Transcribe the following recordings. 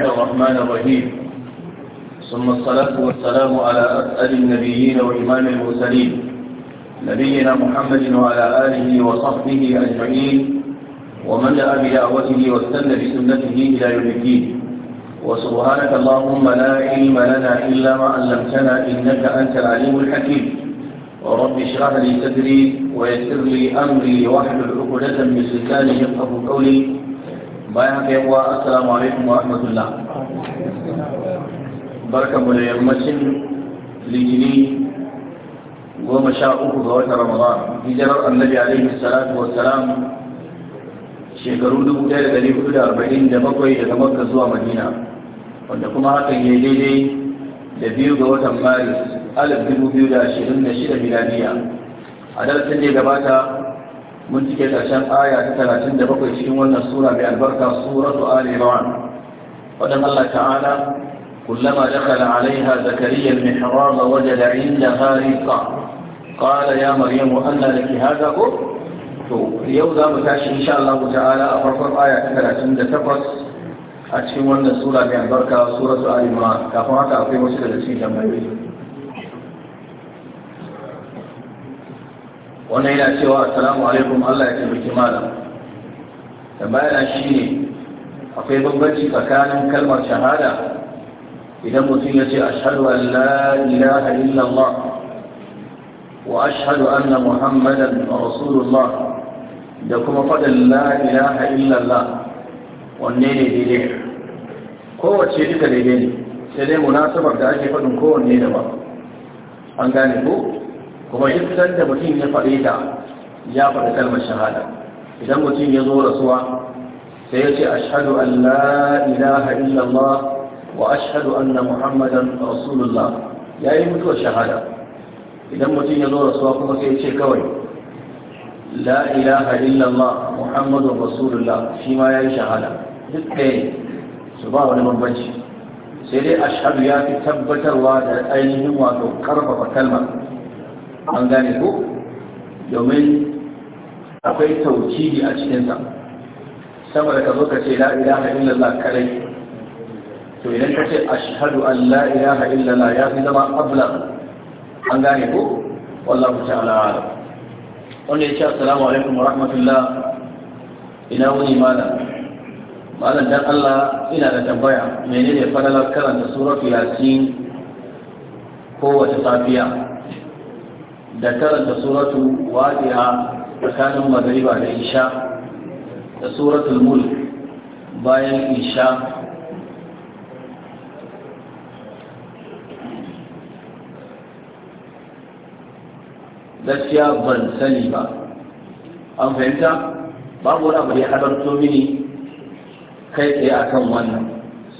الرحمن الرحيم ثم الصلاة والسلام على أسأل النبيين وإمام المرسلين نبينا محمد وعلى آله وصحبه أجمعين ومن دعا بدعوته واستنى بسنته إلى يوم الدين وسبحانك اللهم لا علم لنا إلا ما علمتنا إنك أنت العليم الحكيم ورب اشرح لي صدري ويسر لي أمري واحلل عقدة من لساني يفقه قولي bayan haka yawa assalamu alaikum wa rahmatullah mu da yammacin litini goma sha uku ga watan ramadan hijirar annabi alaihi salatu wa salam shekaru dubu ɗaya da ɗari hudu da arba'in da bakwai daga makka zuwa madina wanda kuma hakan ya daidai da biyu ga watan maris alif dubu biyu da ashirin da shida miladiya a darasin da gabata mun cike ƙarshen aya ta talatin da bakwai cikin wannan sura mai albarka suratu ali imran wadan Allah ta'ala kullama dakhala alaiha zakariya al-mihrab wajada indaha riqa qala ya maryam anna laki hadha ko to yau za mu tashi insha Allah ta'ala a farkon aya ta talatin da takwas a cikin wannan sura mai albarka suratu ali imran kafin haka akwai wasu daga cikin tambayoyi wannan yana cewa assalamu alaikum Allah ya taimaki malam tambaya shi ne akwai bambanci tsakanin kalmar shahada idan mutum ya ce ashhadu an la ilaha illallah wa ashhadu anna muhammadan rasulullah da kuma faɗin la ilaha illallah wanne ne daidai kowace duka daidai ne sai dai munasabar da ake faɗin kowanne da ba an gane ko kuma duk da mutum ya faɗi ta ya faɗi kalmar shahada idan mutum ya zo rasuwa sai ya ce ashadu an la ilaha illallah wa ashhadu anna muhammadan rasulullah ya yi mutuwar shahada idan mutum ya zo rasuwa kuma sai ya ce kawai la ilaha illallah muhammadun rasulullah shi ma ya yi shahada duk ɗaya su ba wani bambanci sai dai ashadu ya fi tabbatarwa da ainihin wato karfafa kalmar an gane ko domin akwai tauhidi a cikinsa saboda ka zo ka ce la ilaha illallah kadai to idan ka ce ashhadu an la ilaha illallah ya fi zama ablaq an gane ko wallahu ta'ala wanda ya ce assalamu alaikum wa rahmatullah ina wuni malam malam dan Allah ina da tambaya menene fadalar karanta suratul yasin kowace safiya da karanta suratu waqi'a tsakanin magariba da isha da suratul mulk bayan isha gaskiya ban sani ba an fahimta babu wani abu da ya halarto mini kai tsaye akan wannan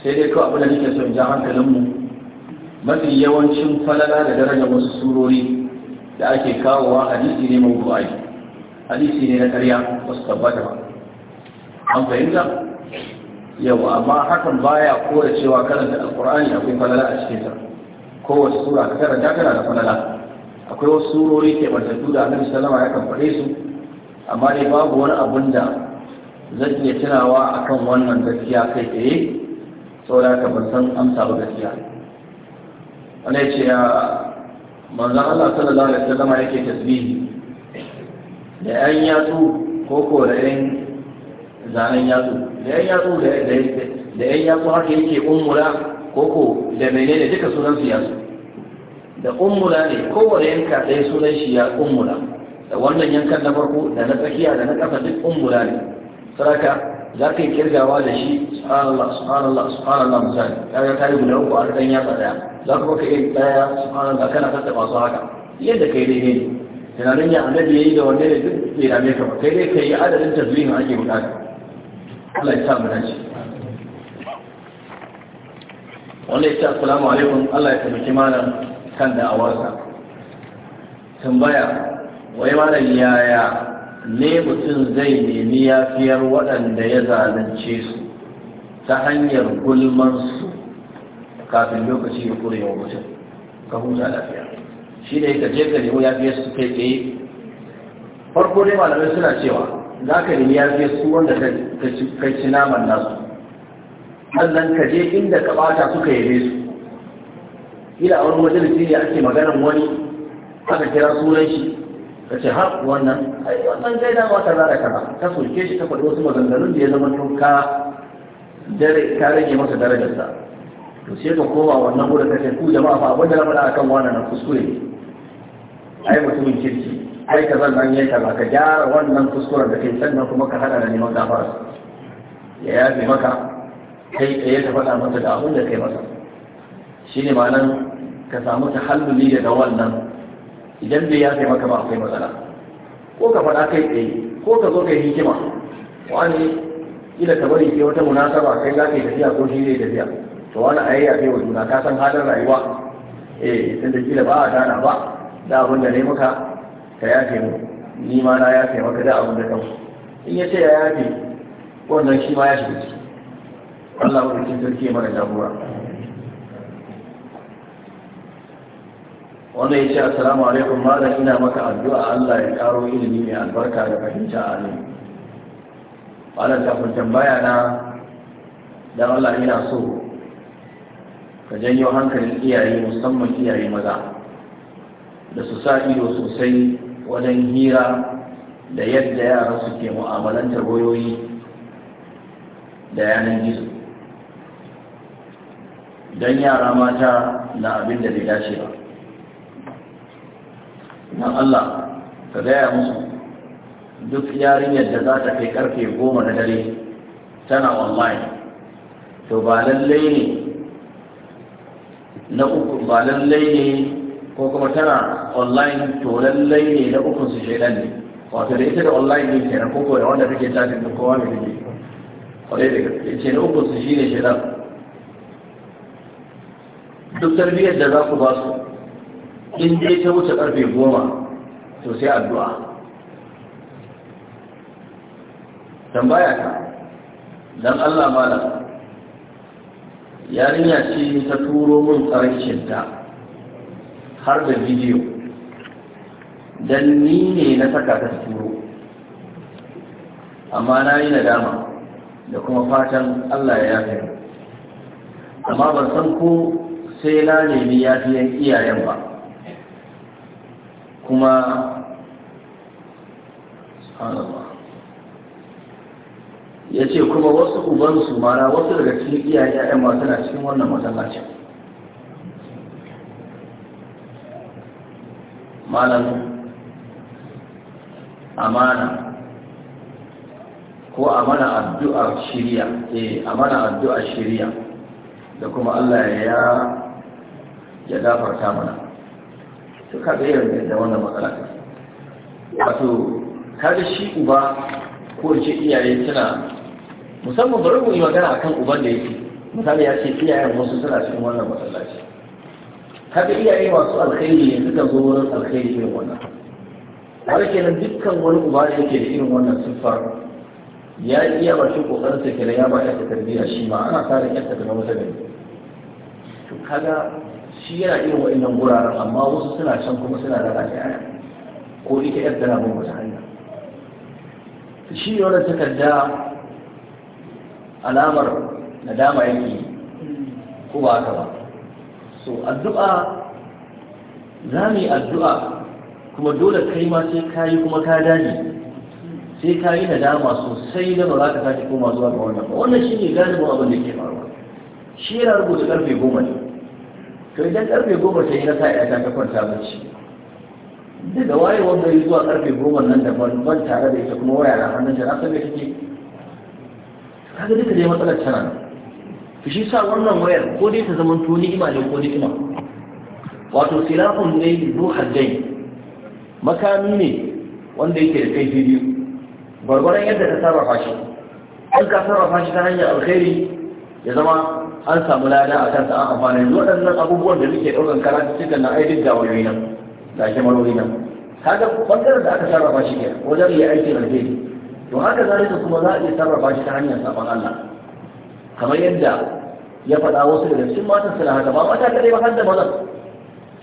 sai dai kawai abu da nake son ja hankalinmu mafi yawancin falala da darajar wasu surori da ake kawowa hadisi ne mawdu'i hadisi ne na ƙarya wasu tabbata ba an fahimta yau amma hakan baya kowace cewa karanta alkur'ani akwai falala a cikin ta kowace sura ka karanta kana da falala akwai wasu surori ke bantattu da annabi sallama ya kamfare su amma dai babu wani abun da zan iya tunawa akan wannan gaskiya kai tsaye saboda ka ban san amsa ba gaskiya wani ya ce manzon Allah sallallahu alaihi wasallam yake tasbihi da yan yatsu ko ko da yan zanen yatsu da yan yatsu da da yan yatsu haka yake umura ko ko da ne duka sunan su yatsu da umura ne kowane yanka ɗaya sunan shi ya umura da wannan yankan na farko da na tsakiya da na ƙasa duk umura ne saraka za ka yi kirgawa da shi subhanallah subhanallah subhanallah misali kaga ta yi guda uku a ɗan yatsa ɗaya za ku ka iri daya subhanallah kana kanta masu haka yadda kai dai ne tunanin ya annabi yayi da wanne ne duk bai dame ka ba kai dai kai adadin tasbihin ake bukata Allah ya sa mu dace wannan ya ce assalamu alaikum Allah ya tabbaki malam kan da'awarsa tambaya wai malam yaya ne mutum zai nemi yafiyar waɗanda ya zalunce su ta hanyar gulmansu kafin lokaci ya kure wa mutum ka huta lafiya shi ne ka je ka ya fiye su kai tsaye farko dai malamai suna cewa za ka nemi ya fiye su wanda ka ci naman nasu hannun ka je inda ka bata suka yi su ila wani majalisi ne ake maganar wani aka kira sunan shi ka ce har wannan ai wannan gaida ba za da kaza ka soke shi ta faɗi wasu maganganun da ya zama tun ka dare ka rage masa darajarsa to sai ka koma wannan gurin kace ku jama'a fa wanda da na faɗa akan wannan na kuskure ai mutumin kirki ai ka zan nan yanka ba ka gyara wannan kuskuren da kai sannan kuma ka hada da neman gafara ya yafe maka kai tsaye ta faɗa masa da abin da kai masa ne ma'anar ka samu ta halulli daga wannan idan bai yafe maka ba akwai matsala ko ka faɗa kai tsaye ko ka zo kai hikima wani ila ka bari sai wata munasaba kai za ka yi tafiya ko shi zai tafiya to wani ayayya kai wa juna ka san halin rayuwa eh tun da kila ba a tana ba da abin da ne maka ka yafe mu ni ma na yafe maka da abin da kan in ya ce ya yafe wannan shi ma ya shiga ciki Allah ya rubuta sarki mana jagora Wannan ya ce assalamu alaikum malam ina maka addu'a Allah ya karo ilimi mai albarka da fahimta a ne malam kafin tambaya na dan Allah ina so ka janyo hankalin iyaye musamman iyaye maza da su sa ido sosai wajen hira da yadda yara suke mu'amalantar wayoyi da yanar gizo don yara mata na abin da bai dace ba nan Allah ka gaya musu duk yarinyar da za ta kai karfe goma na dare tana online to ba lallai ne na uku ba lallai ne ko kuma tana online to lallai ne na uku su shaidan ne wato da ita da online ne kenan ko da wanda take chatin da kowa mai rike kwarai da gaske ce na uku su shine shaidan duk tarbiyyar da za ku ba su in dai ta wuce karfe goma to sai addu'a tambaya ta dan Allah malam yarinya ce ta turo min tsarkinta har da bidiyo don ni ne na saka ta turo amma na yi nadama da kuma fatan allah ya yafe amma ban san ko sai na nemi yafiyan iyayen ba kuma subhanallah ya ce kuma wasu ubansu mara wasu daga cikin iyaye ‘ya'yan masu na cikin wannan matsalacin. malam amana ko amana addu'a shirya eh amana addu'a shirya da kuma Allah ya ya gafarta mana to ka ga yanzu da wannan matsala wato kaga shi uba ko ce iyaye suna musamman bari mu yi magana akan uban da yake misali ya ce iyayen wasu suna cikin wannan masallaci kaga iyaye masu alkhairi ne suka zo wurin alkhairi irin wannan har kenan dukkan wani uba da yake da irin wannan siffa ya iya bakin kokarin sa kenan ya ba ya tarbiyya shi ma ana sa ran yanta daga wata gari to kaga shi yana irin wa'annan guraren amma wasu suna can kuma suna da lafiya ko ita yar tana bin wata hanya shi ne wannan takarda alamar nadama yake ko ba haka ba so addu'a za mu yi addu'a kuma dole kai ma sai ka yi kuma ka dage sai ka yi nadama sosai da ba za ka sake koma zuwa ga wannan ba wannan shi ne galibin abin da ke faruwa shi yana rubuta karfe goma ne to idan karfe goma sai na sa'i ya ta kwanta bacci daga wayewar gari zuwa karfe goma nan da ban tare da ita kuma waya na hannun ta na san take kaga duka dai matsalar tana nan to shi sa wannan wayar ko dai ta zama to ima ne ko wato silafun ne zu hajjai makami ne wanda yake da kai biyu gwargwaron yadda ta sarrafa shi an ka sarrafa shi ta hanyar alkhairi ya zama an samu lada a kansa an amfana yanzu waɗannan abubuwan da muke ɗaukan karatu cikin na aidin ga wayoyi nan da kyamarori nan kaga bangaren da aka sarrafa shi ke wajen yi aiki alheri to haka zalika kuma za a iya sarrafa shi ta hanyar sabon Allah kamar yadda ya faɗa wasu daga cikin matan suna haka ba mata kadai ba har da mazan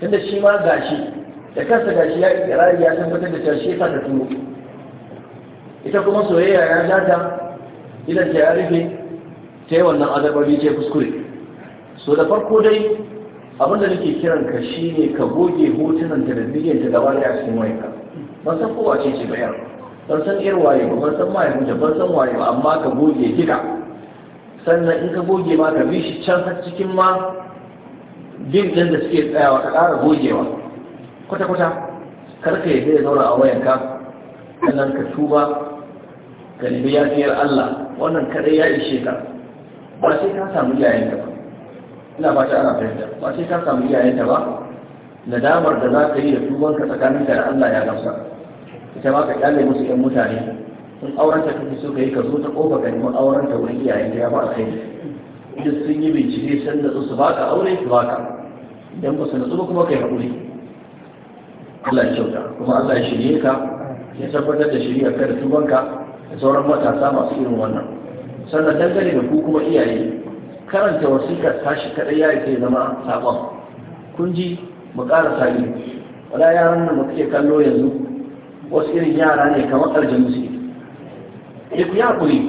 tunda shi ma gashi da kansa gashi ya ikirari ya tabbatar da cewa shi ya ta ita kuma soyayya ya data idan ta ya rufe ta yi wannan azabari ce kuskure so da farko dai abin da nake kiran ka shine ka goge hotunan ta da bigiyanta gaba da a cikin wayanka ban san kowa ce ce bayan ban san ir waye ba ban san waye mutum ban san waye ba amma ka goge kika sannan in ka goge ma ka bi shi can har cikin ma bin din da suke tsayawa ka ƙara gogewa kwata-kwata kar ka yadda zaura zauna a wayanka sannan ka tuba ka nemi yafiyar Allah wannan kadai ya ishe ka ba sai ka samu iyayenta ba ina fata ana fahimta ba sai ka samu iyayenta ba nadamar da za ka yi da tubanka tsakaninka da Allah ya gamsa ita ma ka kyale musu yan mutane sun auren ta kake so kai ka zo ta kofa ka nemi auren ta wurin iyayen ya ba kai duk sun yi bincike san da su baka aure su baka idan ba su nutsu ba kuma kai haƙuri Allah ya kyauta kuma Allah ya shirye ka ya tabbatar da shirya ka da tubanka da sauran matasa masu irin wannan sannan dangane da ku kuma iyaye karanta wasikar tashi kaɗai ya ke zama saƙon kun ji mu ƙara sani wala yaran da muke kallo yanzu wasu irin yara ne kamar ƙarjin musu ya ku yaƙuri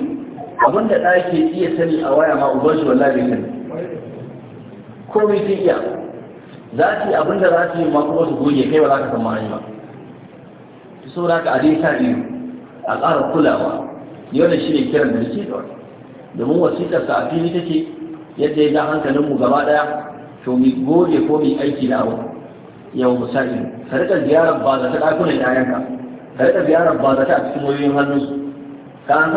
abinda da ke iya sani a waya ma uban shi wallahi bai sani komai sai iya za su yi abinda za su yi ma kuma su goge kai ba za ka san ma'ani ba so za ka adai sa biyu a ƙara kulawa yawan shi ne kiran da nake da domin wasiƙar sa a fili take yadda ya ga hankalinmu gaba ɗaya to mu goge ko mu aiki na abu yau misali ka riƙa ziyarar ba za ta ɗakunan 'ya'yanka ka rika ziyarar ba zata a cikin wayoyin hannunsu ka an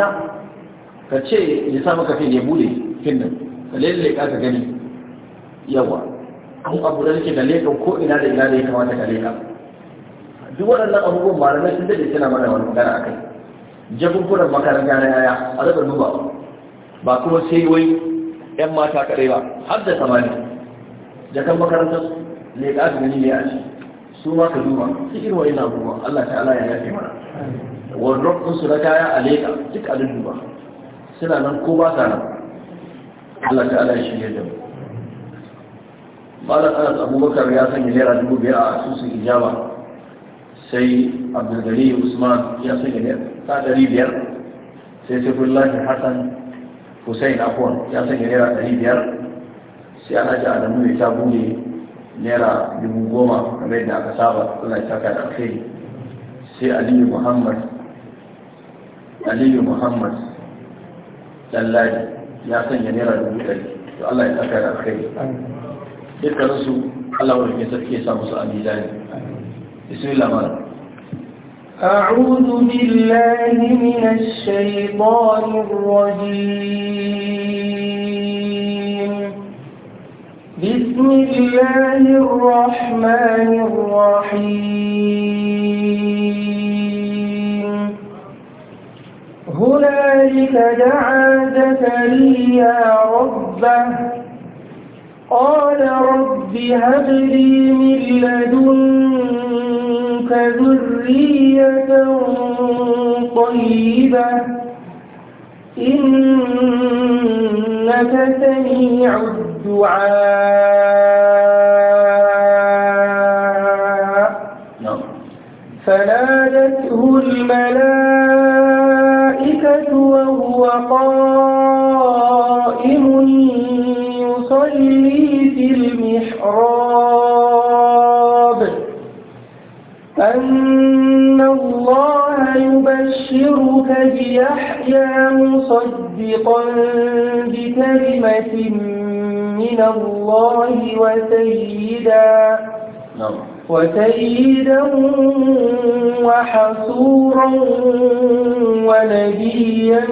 ka ce ya sa maka fil ya bude fil nan ka lalle ka gani yawa an abu da yake da leka ko ina da ina da ya kamata ka leka duk waɗannan abubuwan malamai sun daɗe suna mana wani kai. akai jakunkunan makaranta na yaya a rabar duba ba kuma sai wai yan mata kaɗai ba har da samani jakan makarantar leka su gani ne a ciki su ma ka duba duk irin wani abubuwa Allah ta'ala ya yafe mana wardrop din su na kaya a leka duk a duba suna nan ko ba sa nan Allah ta'ala ya shirya da mu malam Anas Abubakar ya sanya naira dubu biyar a asusun ijaba sai Abdulgari Usman ya sanya naira ta ɗari biyar sai Saifullahi Hassan Hussein Afwan ya sanya naira ɗari biyar sai Alhaji Adamu ya ta bude naira dubu goma kamar yadda aka saba Allah ya saka da alkhairi sai Aliyu Muhammad Aliyu Muhammad Lallari ya sanya naira dubu ɗari to Allah ya saka da alkhairi dukkanin su Allah wani rike sarki ya sa musu amina ne bismillah mala أعوذ بالله من الشيطان الرجيم بسم الله الرحمن الرحيم هنالك دعا زكريا ربه قال رب هب لي من لدنك ذرية طيبة إنك سميع الدعاء الدعاء فنادته الملائكة وهو قائم يصلي في المحراب أن الله يبشرك بيحيى مصدقا بكلمة من الله وسيدا وسيدا وحصورا ونبيا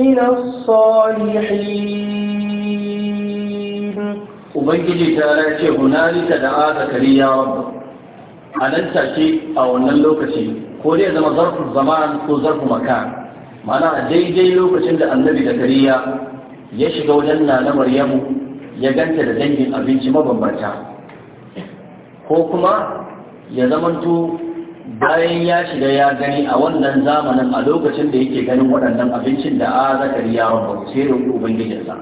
من الصالحين وبنجي تعالى هنالك دعا زكريا ربه anan take a wannan lokaci ko dai zama zarfin zaman ko zarfin makan mana a daidai lokacin da annabi da kariya ya shiga wajen nana maryamu ya ganta da dangin abinci mabambanta ko kuma ya zamanto bayan ya shiga ya gani a wannan zamanin a lokacin da yake ganin waɗannan abincin da a zakari ya rabu sai da ubangijinsa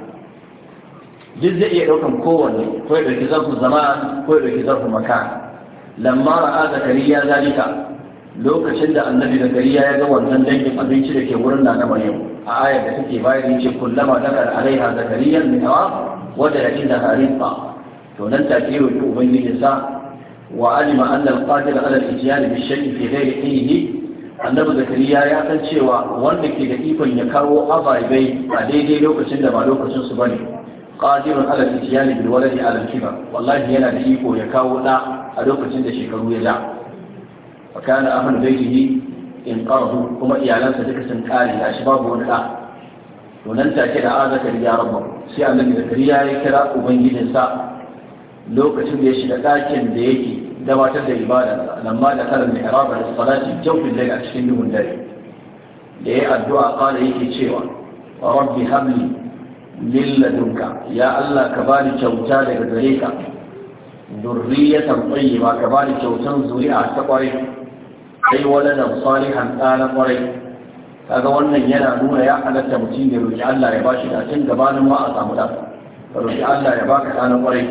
duk zai iya ɗaukan kowanne ko ya ɗauki zarfu zama ko ya ɗauki zarfu maka lamma ra'a zakariya zalika lokacin da annabi da gari ya ga wannan dangin abinci da ke wurin na maryam a ayar da take bayar yace kullama dakal alaiha zakariya min hawa wadda da yakin da harifa to nan ta ce roki ubangiji sa wa alima anna qadir ala al-ijyan bi shay'in fi ghairi ilmihi annabi zakariya ya san cewa wanda ke da ikon ya kawo ababai a daidai lokacin da ba lokacin su bane qadirun ala al-ijyan bil waladi ala al wallahi yana da iko ya kawo da a lokacin da shekaru ya da wa kana ahlu baitihi in qarhu kuma iyalansa duka sun kare ya shi babu wani da to nan take da aza zakariya rabba sai da zakariya ya kira ubangijinsa lokacin da ya shiga ɗakin da yake gabatar da ibada lamma da kalan mihrab da salati jawfin daga cikin duhun dare da ya addu'a kala yake cewa wa rabbi habli min ladunka ya Allah ka bani kyauta daga gare ka durriyatan tayyiba ka bani kyautan zuri'a ta kwarai ai waladan salihan ɗana ƙwarai kaga wannan yana nuna ya halatta mutum ya roƙi Allah ya bashi da tun gabanin ma a samu da ka roƙi Allah ya baka ɗana ƙwarai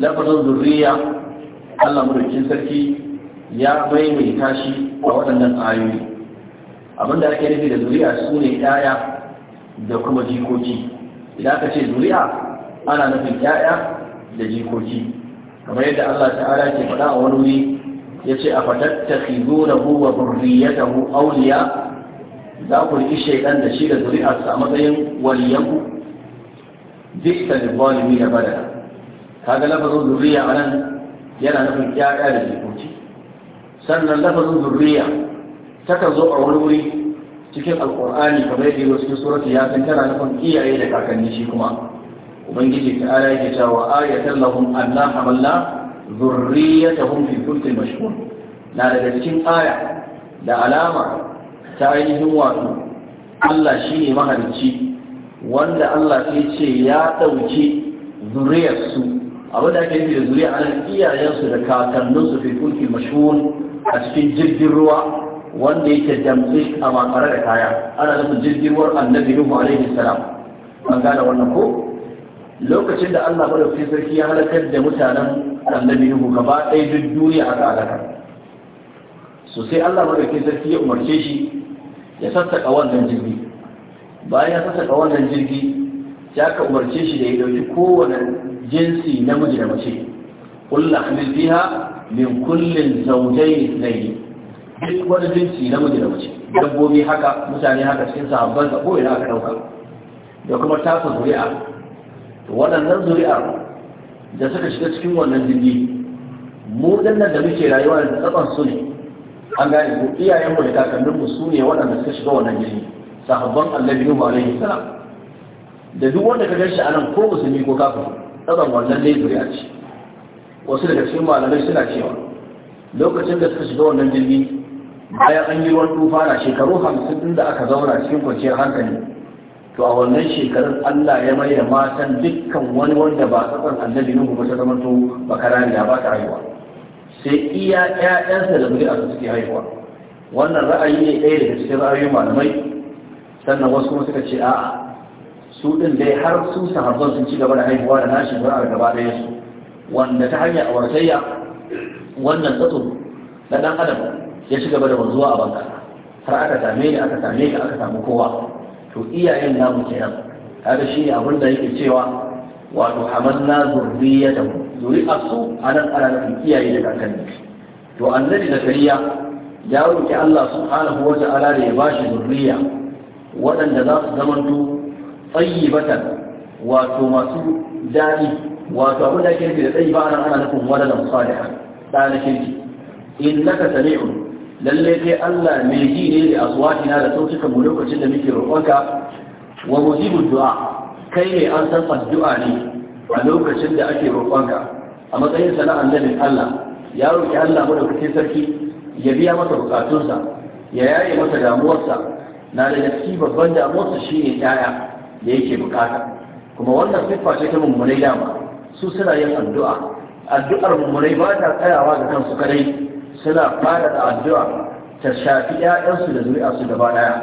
lafazin zurriya Allah mulkin sarki ya maimaita shi a waɗannan ayoyi abinda ake nufi da zuriya su ne ɗaya da kuma jikoki idan aka ce zuriya ana nufin ƴaƴa da jikoki kamar yadda Allah ta'ala ke faɗa a wani wuri Ya ce a fatattakhidunahu wa dhurriyyatahu awliya za ku riki shaytan da shi da zuri'arsa a matsayin waliyanku bisa da zalimi da badala kaga lafazin zurriya a nan yana nufin ƴaƴa da jikoki sannan lafazin zurriya takan zo a wani wuri cikin alƙur'ani kamar yadda yau cikin suratu ya san tana nufin iyaye da kakanni shi kuma ubangiji ta ala yake cewa ayatan lahum anna hamalna zurriyatahum fi kulli mashhur na daga cikin aya da alama ta ainihin wato Allah shine mahalicci wanda Allah ke ce ya ɗauki zuriyarsu abin da ake nufi da zuriya anan iyayensu da kakanninsu fi kulli mashhur a cikin jirgin ruwa wanda yake damtse a makare da kaya ana nufin jirgin ruwan annabi Nuhu alaihi salam an gane wannan ko lokacin da Allah madaukakin sarki ya halakar da mutanen annabi Nuhu gaba ɗaya duk duniya aka halaka so sai Allah madaukakin sarki ya umarce shi ya sassaka wannan jirgi bayan ya sassaka wannan jirgi ya ka umarce shi da ya dauki kowane jinsi namiji da mace kullu hamil fiha min kullin zawjayn ithnayn duk wani jinsi namiji da mace dabbobi haka mutane haka cikin sahabban da ko ina aka dauka da kuma tafa zuri'a waɗannan zuri'a da suka shiga cikin wannan jirgi mu dan da muke rayuwa da tsakan su ne an gane ko iyayenmu da kakanninmu su ne waɗanda suka shiga wannan jirgi sahabban annabi Nuhu alaihi salam da duk wanda ka ganshi anan ko musulmi ko kafir tsakan wannan dai zuri'a ce wasu daga cikin malamai suna cewa lokacin da suka shiga wannan jirgi bayan an yi wani tufa na shekaru hamsin da aka zauna cikin kwanciyar hankali to a wannan shekarun Allah ya maye matan dukkan wani wanda ba tsakon annabi nuhu ba ta zama to ne ba ta haihuwa sai iya ƴaƴansa da zuri'a su suke haihuwa wannan ra'ayi ne ɗaya daga cikin ra'ayoyin malamai sannan wasu kuma suka ce a'a su din dai har su sahabban sun ci gaba da haihuwa da nashi a gaba ɗaya su wanda ta hanyar auratayya wannan tsato na ɗan adam ya ci gaba da wanzuwa a banka har aka same ni aka same ka aka samu kowa to iyayen namu kenan kaga shi ne abin da yake cewa wato hamanna zurriya da zuri'a su a nan ana iyaye da kakanni to annabi zakariya ya roki Allah subhanahu wa ta'ala da ya bashi zurriya waɗanda za su zamanto tsayyibatan wato masu daɗi wato abin da kirki da tsayi ba ana nufin wadadan salihan ɗa na kirki innaka sami'un lalle sai Allah mai ji ne da aswatina da sautukan mu lokacin da muke roƙonka wa mujibud du'a kai ne an san addu'a ne a lokacin da ake roƙonka a matsayin sana annabin Allah ya roƙi Allah madaukakin sarki ya biya masa bukatunsa ya yaye masa damuwarsa na da gaske babban damuwarsa shine yaya da yake bukata kuma wannan siffa ce ta mummunai dama su suna yin addu'a addu'ar mummunai ba ta tsayawa ga kansu kadai suna fara da addu'a ta shafi ƴaƴansu da zuri'arsu gaba daya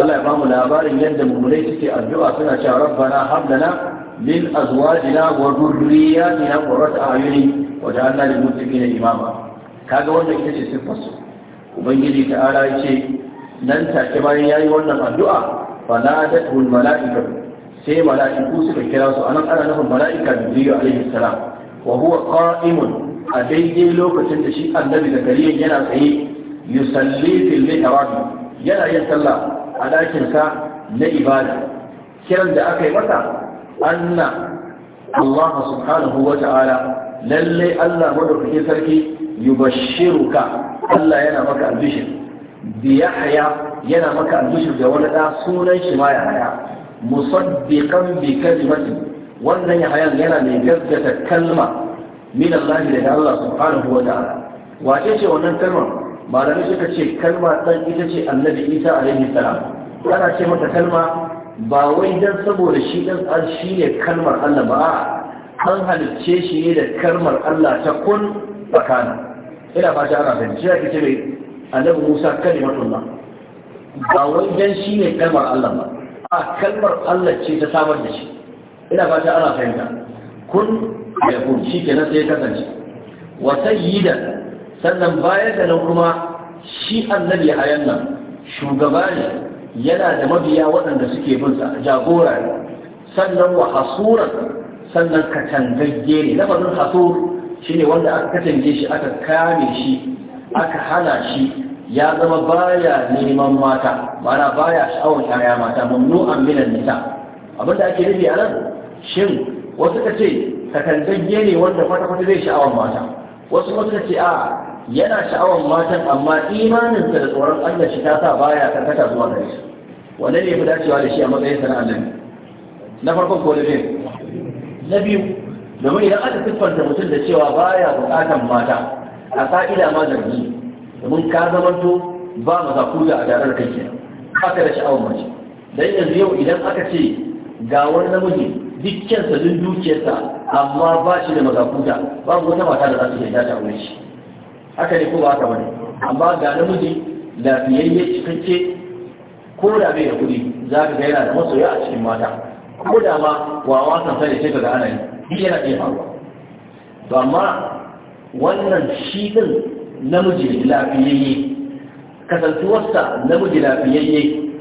Allah ya bamu labarin yadda mummunai suke addu'a suna cewa rabbana hab lana min azwajina wa dhurriyyatina qurrata a'yuni wa ja'alna lil muttaqina imama kaga wannan ita ce siffar su ubangiji ta'ala ya ce nan take bayan yayi wannan addu'a fanadatu al mala'ikatu sai mala'iku suka kira su anan ana nufin mala'ika jibril alaihi salam wa huwa qa'imun a daidai lokacin da shi annabi zakariya yana tsaye yusalli fil mihrab yana yin sallah a dakin na ibada kiran da aka yi masa anna Allah subhanahu wa ta'ala lalle Allah madaukakin sarki yubashshiruka Allah yana maka albishir bi yahya yana maka albishir da wani da sunan shi ma yahya musaddiqan bi kalimati wannan yahya yana mai gaskata kalma min Allah da Allah subhanahu wa ta'ala wace ce wannan kalmar malami suka ce kalma dan ita ce annabi Isa alaihi salam ana ce mata kalma ba wai dan saboda shi dan shi ne kalmar Allah ba an halicce shi ne da kalmar Allah ta kun bakana ina fata ana fahimci ya ce mai annabi Musa kalimatullah ba wai dan shi ne kalmar Allah ba a kalmar Allah ce ta samar da shi ina fata ana fahimta kun ya kun shi kenan sai ya kasance yi sayyidan sannan baya da nan kuma shi annabi hayan nan shugaba ne yana da mabiya waɗanda suke bin sa jagora ne sannan wa hasuran sannan katangagge ne lafazin hasur ne wanda aka katange shi aka kame shi aka hana shi ya zama baya neman mata mana baya sha'awar yaya mata mamnu'an minan nisa abinda ake nufi a nan shin wasu ka ce sakandagge ne wanda kwata-kwata zai sha'awar mata wasu kuma suka ce a yana sha'awar matan amma imaninsa da tsoron Allah shi ta sa baya karkata zuwa gare shi wanda ne fi dacewa da shi a matsayin sana Allah na farkon ko lafiyar na biyu domin idan aka siffanta mutum da cewa baya bukatan mata a sa'ida ma zargi domin ka zamanto ba maza zakuta a tare kai ke. haka da sha'awar mace dan yanzu yau idan aka ce ga wani namiji dukkansa duk dukiyarsa amma ba shi da ba babu wata mata da za su yarda ta wuri shi haka ne ko ba haka bane amma ga namiji lafiyayye cikakke ko da bai da kuɗi za ka ga yana da masoya a cikin mata ko da ma wawa san sai ce ga ana yi duk yana iya faruwa to amma wannan shi din namiji lafiyayye kasantuwarsa namiji lafiyayye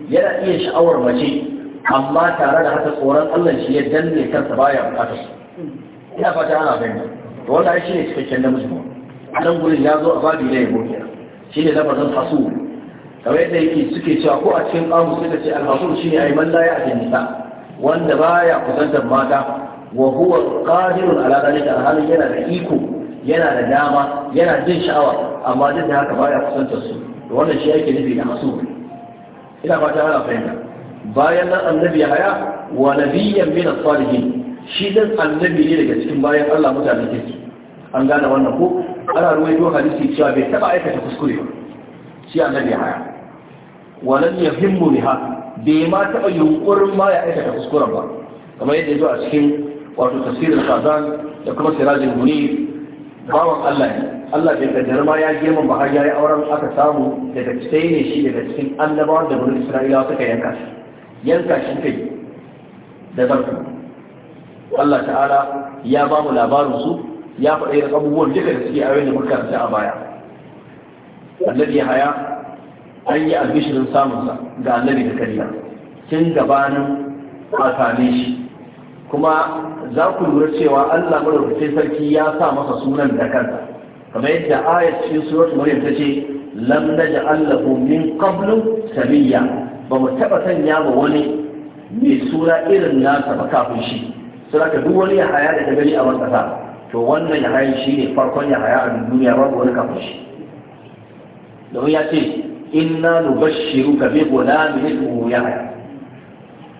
yana iya sha'awar mace amma tare da haka tsoron Allah shi ya danne kansa baya bukatar su ina fata ana bayan to wanda shi ne cikakken namiji mu nan gurin ya zo a babi ne yabo kenan shi ne lafazin hasu kamar yadda yake suke cewa ko a cikin ƙamu suka ce alhasu shi ne a yi mallaya a nisa wanda baya kusantar mata wa huwa qadirun ala dalika alhalin yana da iko yana da dama yana jin sha'awa amma duk da haka baya kusantar su wannan shi ake nufi da hasu ina fata ana fahimta bayan nan annabi haya wa nabiyyan min as-salihin shi dan annabi ne daga cikin bayan Allah mutane kirki an gane wannan ko ana ruwaito hadisi cewa bai taba aikata kuskure ba shi annabi haya wa lam yahimmu biha bai ma taba yunkurin ma ya aikata kuskuren ba kamar yadda yazo a cikin wato tafsirin Qazan da kuma sirajin Munir bawan Allah ne Allah bai kaddar ma ya girma ba har yayi auren aka samu daga cikin ne shi daga cikin annabawan da bani Isra'ila suka yanka shi yanka shi kai da zarfi Allah ta'ala ya ba mu labarin su ya faɗa da abubuwan duka da suke ayoyin da muka karanta a baya annabi haya an yi albishirin samunsa ga annabi da kariya tun gabanin a shi kuma za ku lura cewa Allah madaukakin sarki ya sa masa sunan da kansa kamar yadda ayat cikin suratul maryam ta ce lam naj'al lahu min qablu samiyya ba mu taɓa sanya ma wani mai suna irin nasa ba kafin shi suna ka duk wani yahaya da ta gani a wani to wannan yahayan shi ne farkon yahaya a duniya babu wani kafin shi domin ya ce inna nubashshiru ka bi gulamin ismuhu yahaya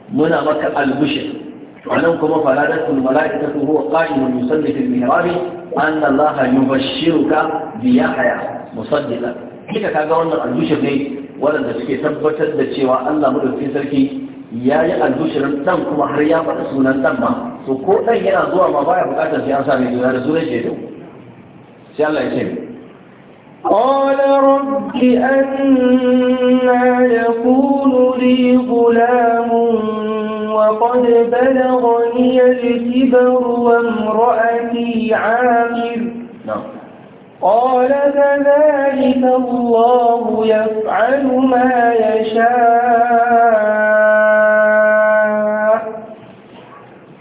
muna maka albishir wannan kuma faradatul malaikatu huwa qa'imun yusalli fil mihrab anna allaha yubashshiruka bi yahya musaddiqan kika kaga wannan albishir ne waɗanda suke tabbatar da cewa Allah madaukakin sarki ya yi albushirin dan kuma har ya faɗi sunan dan ma to ko dan yana zuwa ma baya buƙatar sai an sa mai suna da sunan shi sai Allah ya ce قال رب أنا يكون لي غلام وقد بلغني الكبر وامرأتي عامر قال كذلك الله يفعل ما يشاء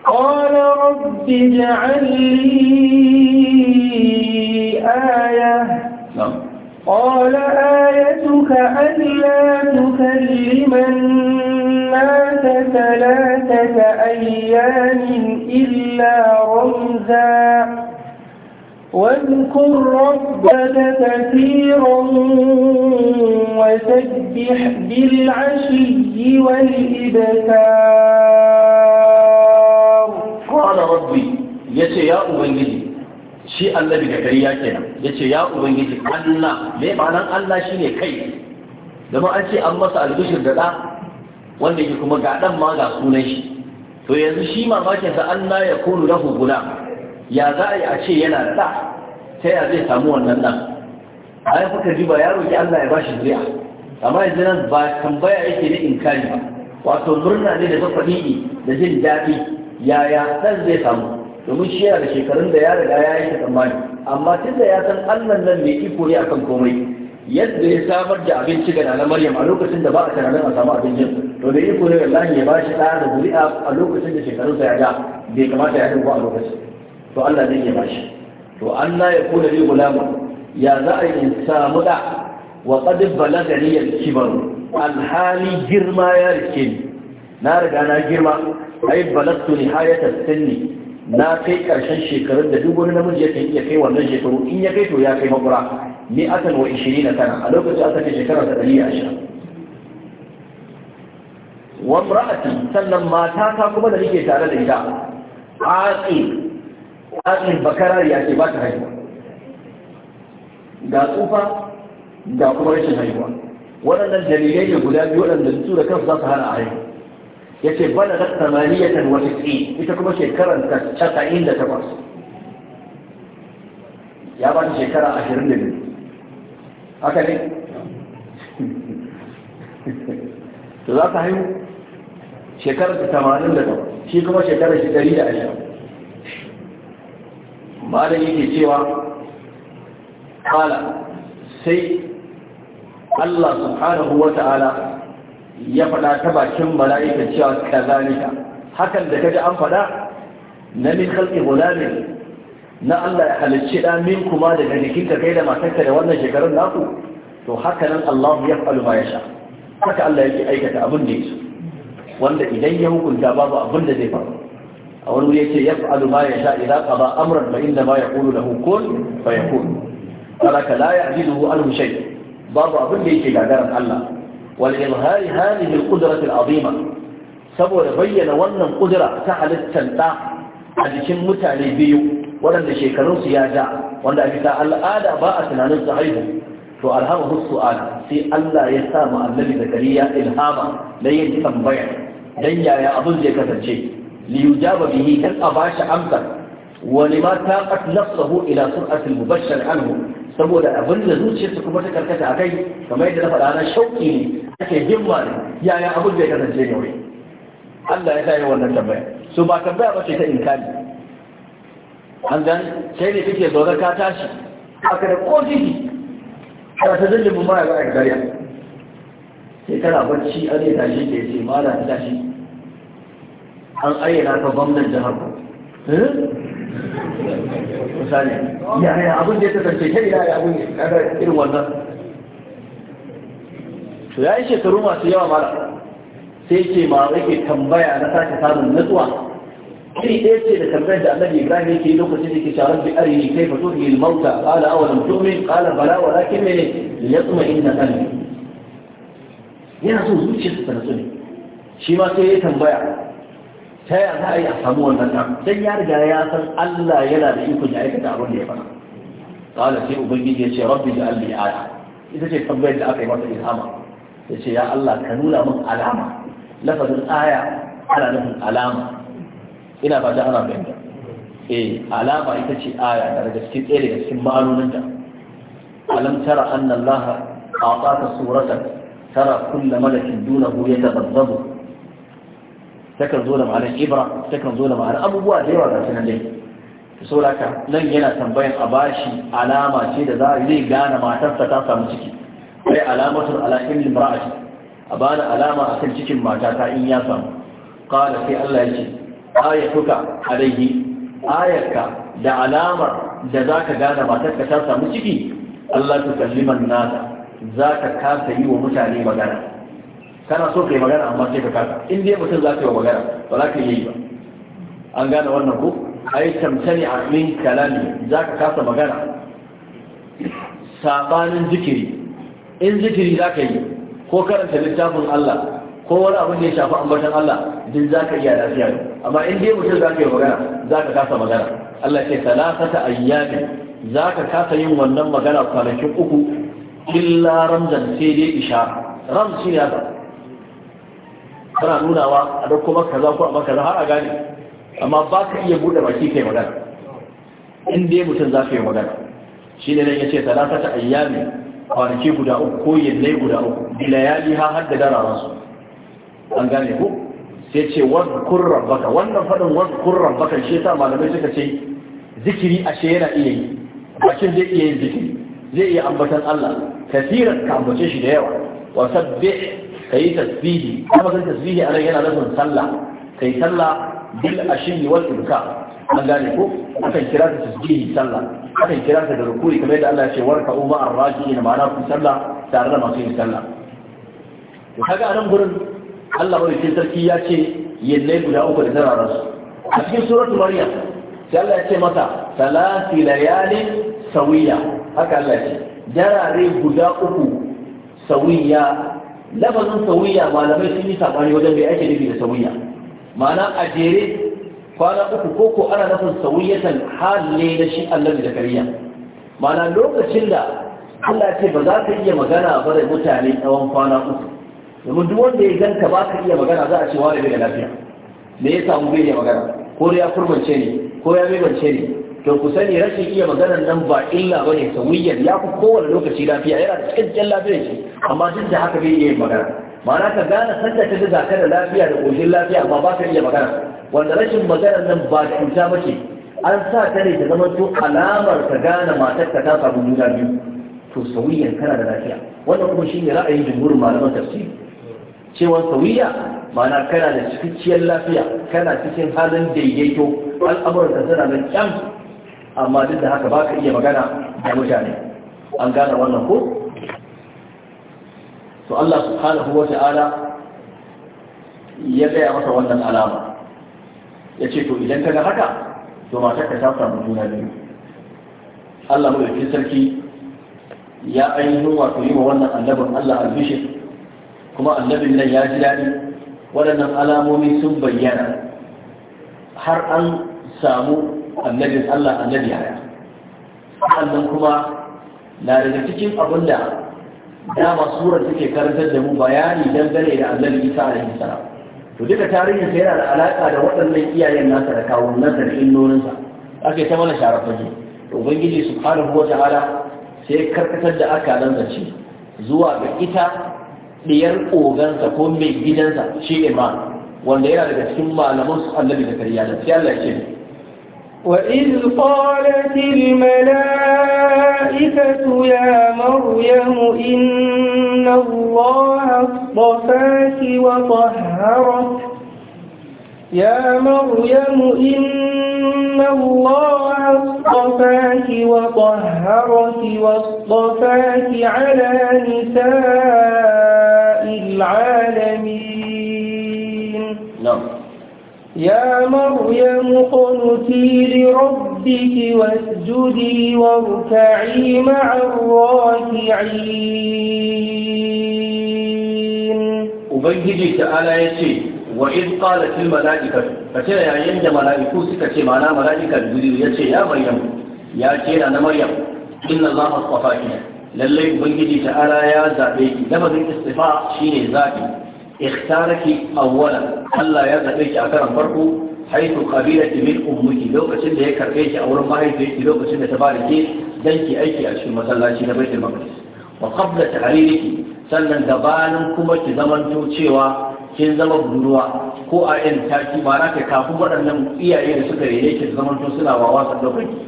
قال رب اجعل لي آية نعم. قال آيتك ألا تكلم الناس ثلاثة أيام إلا رمزاً واذكر ربك كثيرا وسبح بالعشي والإبكار قال ربي يتي يا أبنجي شيء النبي زكريا كنا يتي يا أبنجي الله ليه معنى الله شيء كي لما أنت أما سأل بشر دلاء wanda yake kuma ga dan ma ga sunan shi to yanzu shi mamakin sa Allah ya kunu lahu gulam ya za a yi a ce yana da ta ya zai samu wannan ɗan a yi fuka ji ba ya roƙi Allah ya ba shi zuriya amma yanzu nan ba tambaya yake in inkari ba wato murna ne da ne da jin daɗi yaya ɗan zai samu domin shi yana da shekarun da ya riga ya yi tsammani amma tun da ya san Allah nan mai iko ne akan komai yadda ya samar da abinci ga nanar Maryam a lokacin da ba a tunanin a samu abincin to da iko ne wallahi ya ba shi ɗaya da zuri'a a lokacin da shekarunsa ya ja bai kamata ya ɗauko a lokacin to Allah zai ya bashi to Allah ya kula li gulamun ya za a yi samu da wa qad balagani al-kibar al-hali girma ya rike ni na riga na girma ai balagtu nihayata sinni na kai karshen shekarun da duk wani namiji yake iya kai wannan shekaru in ya kai to ya kai makura ni akan wa 20 sana a lokacin aka ce shekara ta 120 wa imra'ati sannan mata ta kuma da nake tare da ita aqi tsarin bakarar ya ce ba ta haihuwa ga tsufa ga kuma rashin haihuwa waɗannan dalilai ne guda biyu waɗanda su da kansu za su hana a haihu ya ce bana da tamaniyatan wata ƙi ita kuma shekaran ta casa'in da takwas ya ba ta shekara ashirin da biyu haka ne to za ta haihu shekarar ta tamanin da takwas shi kuma shekarar shi ɗari da ashirin malam yake cewa kala sai Allah subhanahu wa ta'ala ya faɗa ta bakin mala'ikan cewa kazalika hakan da kaji an faɗa na min khalqi gulamin na Allah ya halicci da kuma daga jikinka kai da matarka da wannan shekarun naku to haka nan Allah ya fa'alu ma yasha haka Allah ke aikata abin da yake wanda idan ya hukunta babu abin da zai faru a wani ya ce yaf'alu ya sha idan qada amran fa inna ma yaqulu lahu Kada ka taraka la ya'jiluhu anhu shay babu abin da yake gagaran Allah wal izhari hali al qudrati azima saboda bayyana wannan kudura ta halittar da a jikin mutane biyu waɗanda shekarunsu ya ja wanda a bisa al'ada ba a tunanin su haihu to alhamahu su'ala sai Allah ya sa mu annabi zakariya ilhama da yin tambaya dan yaya abin zai kasance liyujaba bihi dan a bashi amsa wa lima taqat nafsuhu ila sur'ati al-mubashshar anhu saboda abin da zuciyarsa kuma ta karkata a kai kamar yadda na faɗa na shauƙi ne ake himma ne yaya abin da ya kasance ne wai Allah ya sa wannan tambaya so ba tambaya ba ce ta inkari an gan sai ne kake zaune ka tashi aka da ko jiki kana ta zallin mu ma ya ga a gariya sai kana bacci an yi tashi ke ce ma ta tashi an ayyana ka gwamnan jihar eh? misali yaya abin da ya kasance kai yaya abin da irin wannan to ya yi shekaru masu yawa mara sai ce ma yake tambaya na sake samun nutsuwa. iri ɗaya ce da tambayar da annabi ibrahim yake yi lokacin da ke sharar bi ne kai fa tuhi al-mauta qala awalam tu'min qala bala walakin ne liyatma inna qalbi yana so zuciyarsa ta natsu ne shi ma sai ya tambaya ta yaya za a yi a samu wannan ta dan ya riga ya san Allah yana da ikon ya aikata abin da ya faɗa qala sai ubangiji ya ce rabbi ja'al ya aya ita ce tambayar da aka yi masa ilhama ya ce ya Allah ka nuna min alama lafazin aya ana nufin alama ina ba ta ana fahimta. eh alama ita ce aya daga cikin ɗaya daga cikin ma'anonin da alam tara anna Allah a'taka suratan tara kullu malakin dunahu yatadabbaru takan zo da ma'anar ibra takan zo da ma'anar abubuwa da yawa ga su nan dai saboda nan yana tambayan a bashi alama ce da za a zai gane matarsa ta samu ciki sai alamatul ala ilmi mar'ati a bada alama akan cikin mata ta in ya samu qala sai Allah ya ce ayatuka alayhi ayarka da alamar da zaka gane matarka ta samu ciki Allah ta kalliman nasa zaka kasa yi wa mutane magana kana so ka yi magana amma sai ka kasa in dai mutum za ka yi magana ba za ka yi ba an gane wannan ko ai tamtani a min kalami za ka kasa magana sabanin zikiri in zikiri za ka yi ko karanta littafin Allah ko wani abin da ya shafi ambatan Allah duk za ka iya lafiya amma in dai mutum za ka yi magana za ka kasa magana Allah ce talatata ayyami za ka kasa yin wannan magana kwanakin uku illa ramzan sai dai isha shi ne kana nunawa a dauko maka kaza ku a maka za har a gane amma ba ka iya bude baki kai magana in dai mutum za ka yi magana shi ne nan ya ce ta ayyami kwanaki guda uku ko yallai guda uku bilayali ha har da dara su an gane ku sai ce wadkur rabbaka wannan fadin wadkur rabbaka shi yasa malamai suka ce zikiri ashe yana iya yi bakin zai iya yin zikiri zai iya ambatan Allah kasiran ka ambace shi da yawa wa sabbih yi tasbihi kuma kan tasbihi anan yana nufin sallah kai sallah bil ashin wal duka. an gane ko akan kira ta tasbihi sallah akan kira ta da rukuri kamar da Allah ya ce warka umma arrajiin ma'ana ku sallah tare da masu yin sallah to kaga anan gurin Allah bai ce sarki ya ce yalle guda uku da tarara su a cikin suratul maryam sai Allah ya ce mata salati layalin sawiya haka Allah ya ce jarare guda uku sawiya lafazin sauyiya malamai sun yi sabani wajen bai ake nufi da sauyiya ma'ana a jere kwana uku ko ko ana nufin sauyiyatan hal ne na shi da kariya ma'ana lokacin da Allah ce ba za ka iya magana ba da mutane tsawon kwana uku domin duk wanda ya ganta ba ka iya magana za a ce wani bai da lafiya me ya samu bai da magana ko ya kurmance ne ko ya bance ne to ku sani rashin iya maganar nan ba illa ba ne sauyiyyar ya ku kowane lokaci lafiya yana da cikakken lafiyar shi amma duk da haka bai iya yin magana ma'ana ka gane sanda ka ga ka da lafiya da ƙoshin lafiya amma ba ka iya magana wanda rashin maganar nan ba cuta ba ce an sa ta ne ta zama to alamar ka gane matar ka ta samu juna biyu to sauyiyyar kana da lafiya wannan kuma shine ra'ayin jumhurin malaman tafsir cewa sauyiya ma'ana kana da cikakkiyar lafiya kana cikin halin daidaito al'amuranka suna da kyan amma duk da haka ba ka iya magana da mutane an gane wannan ko to Allah su subhanahu wa ta'ala ya gaya masa wannan alama ya ce to idan ka ga haka to matarka ta samu juna biyu Allah mu yake sarki ya ainihin wato yi wa wannan annabin Allah albishir kuma annabin nan ya ji daɗi waɗannan alamomi sun bayyana har an samu annabin Allah annabi ya sannan kuma na daga cikin abin da dama surar take karantar da mu bayani dangane da annabi Isa alaihi salam to duka tarihin sa yana da alaka da waɗannan iyayen nasa da nasa da innoninsa ake ta mana shara fage to ubangiji subhanahu wa ta'ala sai karkatar da aka zace zuwa ga ita diyar kogansa ko mai gidansa shi imam wanda yana daga cikin malaman su annabi da kariya da sai Allah ya ce وإذ قالت الملائكة يا مريم إن الله اصطفاك وطهرك يا مريم إن الله اصطفاك وطهرك واصطفاك على نساء العالمين يا مريم قنتي لربك واسجدي واركعي مع الراكعين وبنجي تعالى يتي وإذ قالت الملائكة فتلا يا ينجى ملائكو سكتي معنا ملائكة جديد يتي يا مريم يا تينا أنا مريم إن الله اصطفاك للي وبنجي تعالى يا زعبي لفظ الاصطفاء شيني زعبي ikhtaraki awwala Allah ya zabe ki a karan farko haitu qabilati min ummiki lokacin da ya karbe ki a wurin mahaifiyarki lokacin da ta bare ki dan ki aiki a cikin masallaci na baitul maqdis wa qabla ta'ririki sannan gabanin kuma ki zamanto cewa kin zama budurwa ko a yan taki ba na kai kafin waɗannan iyaye da suka rene ki zamanto suna wawa sadaukaki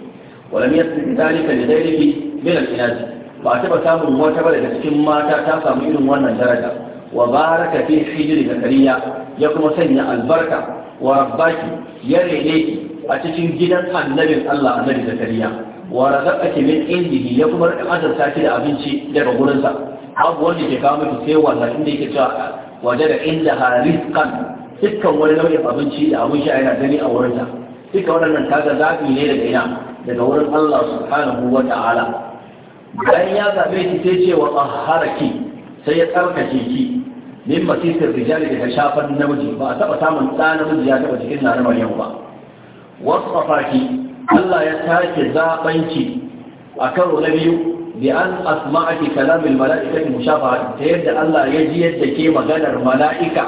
walam yasbi dalika li ghayriki min al-inasi ba ta ba samun wata ba daga cikin mata ta samu irin wannan daraja wa baraka fi hijri zakariya ya kuma sanya albarka wa rabbaki ya rene ki a cikin gidan annabin Allah annabi zakariya wa razaqaki min indihi ya kuma azurta ki da abinci daga gurinsa abu wanda ke kawo miki sai wannan inda yake cewa waje da inda hariskan dukkan wani nau'in abinci da abin sha yana gani a wurinta duka waɗannan kaga zaɓi ne daga ina daga wurin Allah subhanahu wa ta'ala bayan ya zaɓe ki sai ce wa tsaharaki sai ya tsarkake ki min masisir rijali daga shafan namiji ba a taba samun ɗa namiji ya taba cikin na namar yau ba wasu ki Allah ya sake zaɓanki a karo na biyu bi an asma'aki kalamin mala'ika, mala'ikati mushafa ta yadda Allah ya ji yadda ke maganar mala'ika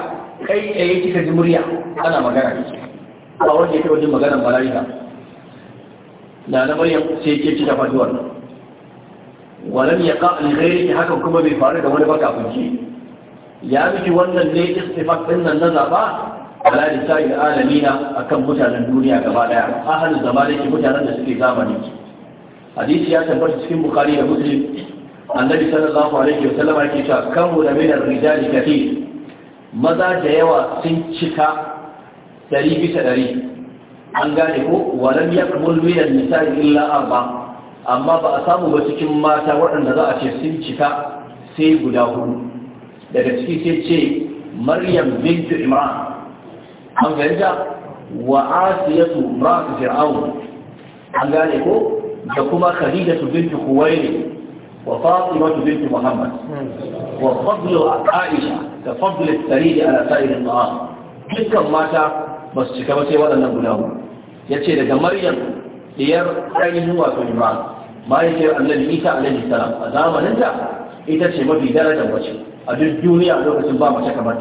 kai tsaye kika ji murya ana magana ne a wanda ya wajen maganar mala'ika na na maryam sai ke ci da faduwar walam yaqa li ghayrihi hakan kuma bai faru da wani baka kunci ya miki wannan ne istifak din nan na zaba ala lisail alamina akan mutanen duniya gaba daya ahal zamani ki mutanen da suke zamani hadisi ya tabbata cikin bukhari da muslim annabi sallallahu alaihi wasallam yake cewa kamu da min ar-rijal kathir maza da yawa sun cika dari bisa dari an gane ko walam yakmul min an-nisa illa arba amma ba a samu ba cikin mata waɗanda za a ce sun cika sai guda hudu daga ciki sai ce maryam bintu imran an fahimta wa asiyatu imran fir'aun an gane ko da kuma khadijatu bintu khuwailid wa fatimatu bintu muhammad wa fadlu aisha da fadlu sariri ala sa'irin ma'am dukkan mata ba su cika ba sai waɗannan guda ba ya ce daga maryam diyar ainihin wato imran mahaifiyar annabi isa alaihi salam a zamanin da ita ce mafi darajar mace a duk duniya lokacin ba mace kamar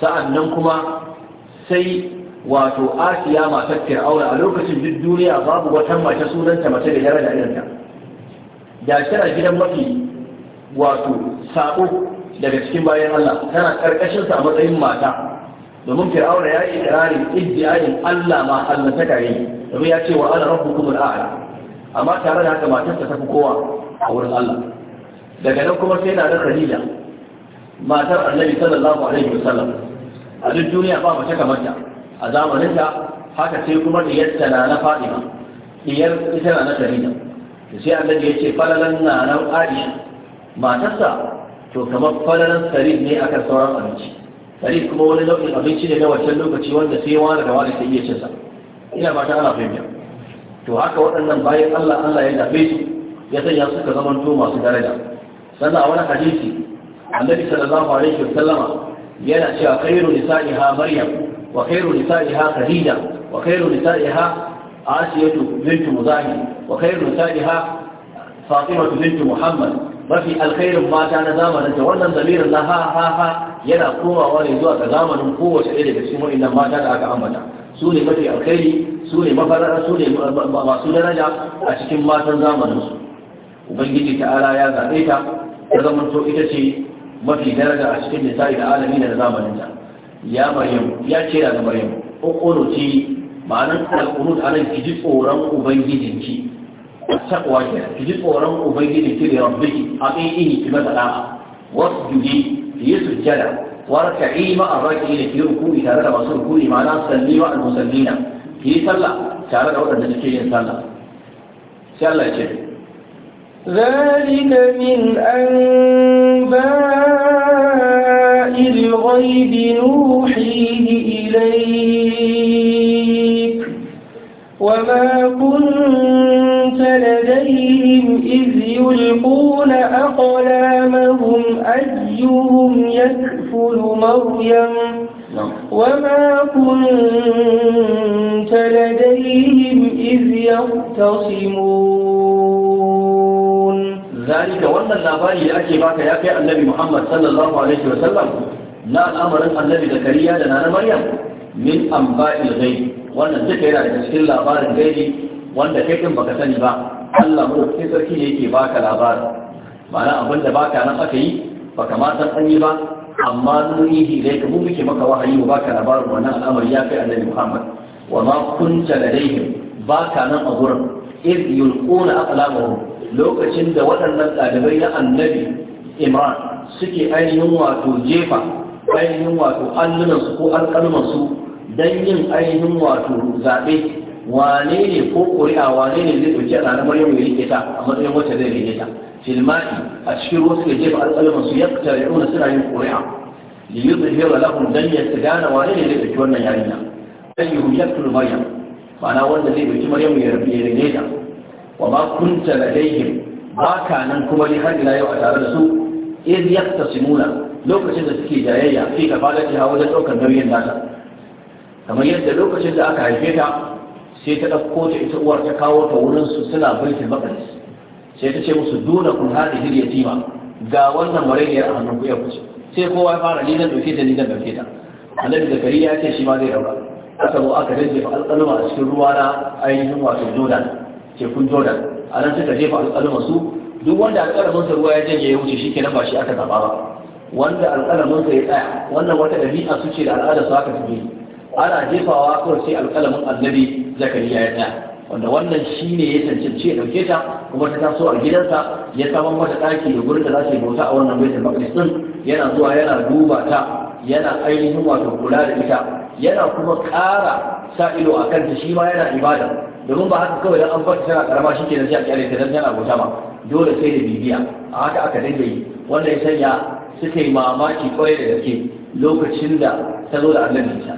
ta nan kuma sai wato asiya matar fir'auna a lokacin duk duniya babu wata mace sunanta mace da yara da irinta da tana gidan mafi wato sako daga cikin bayan Allah tana karkashin sa matsayin mata domin fir'auna ya yi ikirarin iddiyayin Allah ma Allah ta kare domin ya ce wa ana rabbukum al'ala amma tare da haka matarsa ta fi kowa a wurin Allah daga nan kuma sai na da Khadija matar annabi sallallahu alaihi wasallam a duk duniya ba mace kamar ta a zamaninta haka sai kuma da yadda na fadima diyar ita na tarina da sai annabi ya ce falalan na nan aisha matarsa to kamar falalan sarid ne akan sauran abinci sarid kuma wani nau'in abinci ne na wancan lokaci wanda sai wani da wani sai iya cin sa ina ba ta ana fahimta to haka waɗannan bayan Allah Allah ya dafe su ya sanya suka to masu daraja sannan a wani hadisi annabi sallallahu alaihi wasallama yana cewa khairu nisa'iha maryam wa khairu nisa'iha khadija wa khairu nisa'iha asiyatu bint muzahi wa khairu nisa'iha fatima bint muhammad mafi alkhairin mata na zamanin ta wannan zamirin na ha ha ha yana komawa ne zuwa ga zamanin kowace ɗaya daga cikin wa'annan mata da aka ambata su ne mafi alkhairi su ne mafarara su ne masu daraja a cikin matan zamaninsu ubangiji ta Ala ya zaɓe ta ta zamanto ita ce mafi daraja a cikin nisa da alami da zamaninta. ya maryam ya ce da maryam uquluti ma'anar al da anan ki ji tsoron ubangijinki takwa ke ki ji tsoron ubangijinki da rabbiki a kai ini ki masa da'a juji ki yi sujjada warka'i ma'a da ki yi rukuni tare da masu rukuni ma'ana salli wa al-musallina ki yi sallah tare da waɗanda suke yin sallah sai Allah ya ce ذلك من أنباء الغيب نوحيه إليك وما كنت لديهم إذ يلقون أقلامهم أيهم يكفل مريم نعم. وما كنت لديهم إذ يختصمون zari ga wannan labari da ake baka ya kai annabi Muhammad sallallahu alaihi wasallam na al'amarin annabi kariya da nana Maryam min amba'il ghaib wannan duk yana da cikin labarin gaibi wanda kai din baka sani ba Allah mu sai sarki ne yake baka labarin ma'ana abin da baka nan aka yi baka ma san an yi ba amma nuni dai ka muke maka wahayi mu baka labarin wannan al'amari ya kai annabi Muhammad wa ma kunta ladaihim baka nan a gurin iz yulquna aqlamahum lokacin da waɗannan ɗalibai na annabi imran suke ainihin wato jefa ainihin wato allunansu ko alƙalmansu don yin ainihin wato zaɓe wane ne ko ƙuri'a wane ne zai ɗauki a ranar maryam ya rike ta a matsayin wacce zai rike ta filmai a cikin ruwa suka jefa alƙalmansu ya fita da suna yin ƙuri'a li yuzhiru lahum dan yastagana wane ne zai ɗauki wannan yarinya ayyuhum yaqtulu maryam ma'ana wanda zai kimar maryamu ya rabu ya rage ta wa ma kunta daihim ba ka nan kuma ni har ila yau a tare da su ya ta simuna lokacin da suke jayayya fi kafalati ha wajen ɗaukar nauyin nata kamar yadda lokacin da aka haife ta sai ta ɗauko ta ita uwar ta kawo ta wurin su suna baitul maqdis sai ta ce musu duna kun haɗe hil tima ga wannan marayyar a hannun ku ya kuce sai kowa ya fara ni zan dauke ta ni zan dauke ta annabi zakariya ya ce shi ma zai daura aka zo aka jefa alƙaluma a cikin ruwa na ainihin wato jordan tekun jordan a nan suka jefa alƙaluma su duk wanda alƙalaminsa ruwa ya janye ya wuce shi kenan ba shi aka zaɓa ba wanda alƙalaminsa ya tsaya wannan wata dabi'a su ce da al'ada su haka su ana jefawa kawai sai alƙalamin annabi zakariya ya tsaya wanda wannan shi ne ya cancanci ya ɗauke ta kuma ta taso a gidansa ya samar mata ɗaki da gurin da za su yi bauta a wannan baitul maqdis din yana zuwa yana duba ta yana ainihin wato kula da ita yana kuma ƙara sa ido a kanta shi ma yana ibada domin ba haka kawai dan an bar tana karama shi kenan sai a kyale ta dan tana ma dole sai da bibiya a haka aka dinga yi wanda ya sanya suka yi mamaki kwarai da gaske lokacin da ta zo da annabi Isa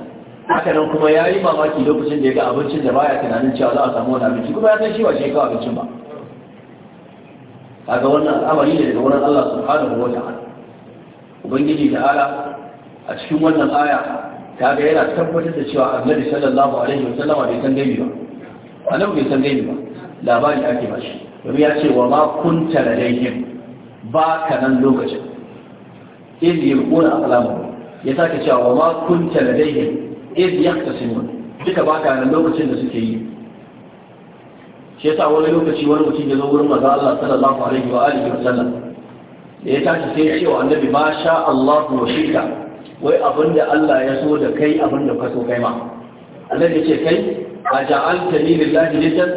haka nan kuma ya yi mamaki lokacin da ya ga abincin da baya tunanin cewa za a samu wani abinci kuma ya san shi ba shi kawai abincin ba kaga wannan al'amari ne daga wurin Allah subhanahu wa ta'ala ubangiji ta'ala a cikin wannan aya kaga yana tabbatar da cewa annabi sallallahu alaihi wa sallama bai san gaibi ba annabi bai san gaibi ba labari ake ba shi domin ya ce wa ma kunta ladaihim ba ka nan lokacin iz yulquna aqlamu ya sake cewa wa ma kunta ladaihim iz yaqtasimun duka ba ka nan lokacin da suke yi shi yasa wani lokaci wani mutum ya zo wurin maza Allah sallallahu alaihi wa alihi wa ya tashi sai ya ce wa annabi ma sha Allah wa shika wai abin da Allah ya so da kai abin da ka kai ma Allah ya ce kai a ja'alta ni lillahi niddan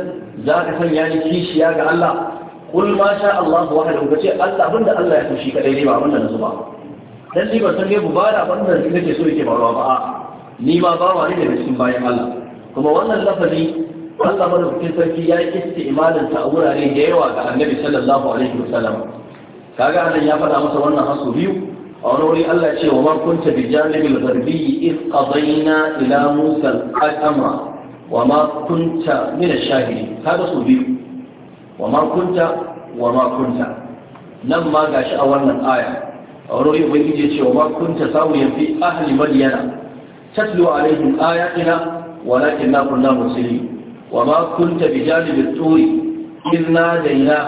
za ka sanya ni kishiya ga Allah kul ma sha Allah wa hadu kace Allah abin da Allah ya so shi kadai ne ba abin da nasu ba dan ni ban san ne ba da abin da kake so yake faruwa ba ni ma ba wani ne cikin bayan Allah kuma wannan lafazi Allah madaukakin sarki ya yi istimalin ta a wurare da yawa ga Annabi sallallahu alaihi wasallam kaga Allah ya faɗa masa wannan hasu biyu أولو لي ألا شيء وما كنت بجانب الغربي إذ قضينا إلى موسى الأمر وما كنت من الشاهدين هذا صديق وما كنت وما كنت نم ما قاش أولا آية أولو لي أبي إجي وما كنت ساويا في أهل مدينة تتلو عليهم آياتنا ولكن ما كنا مرسلين وما كنت بجانب الطور إذ ناديناه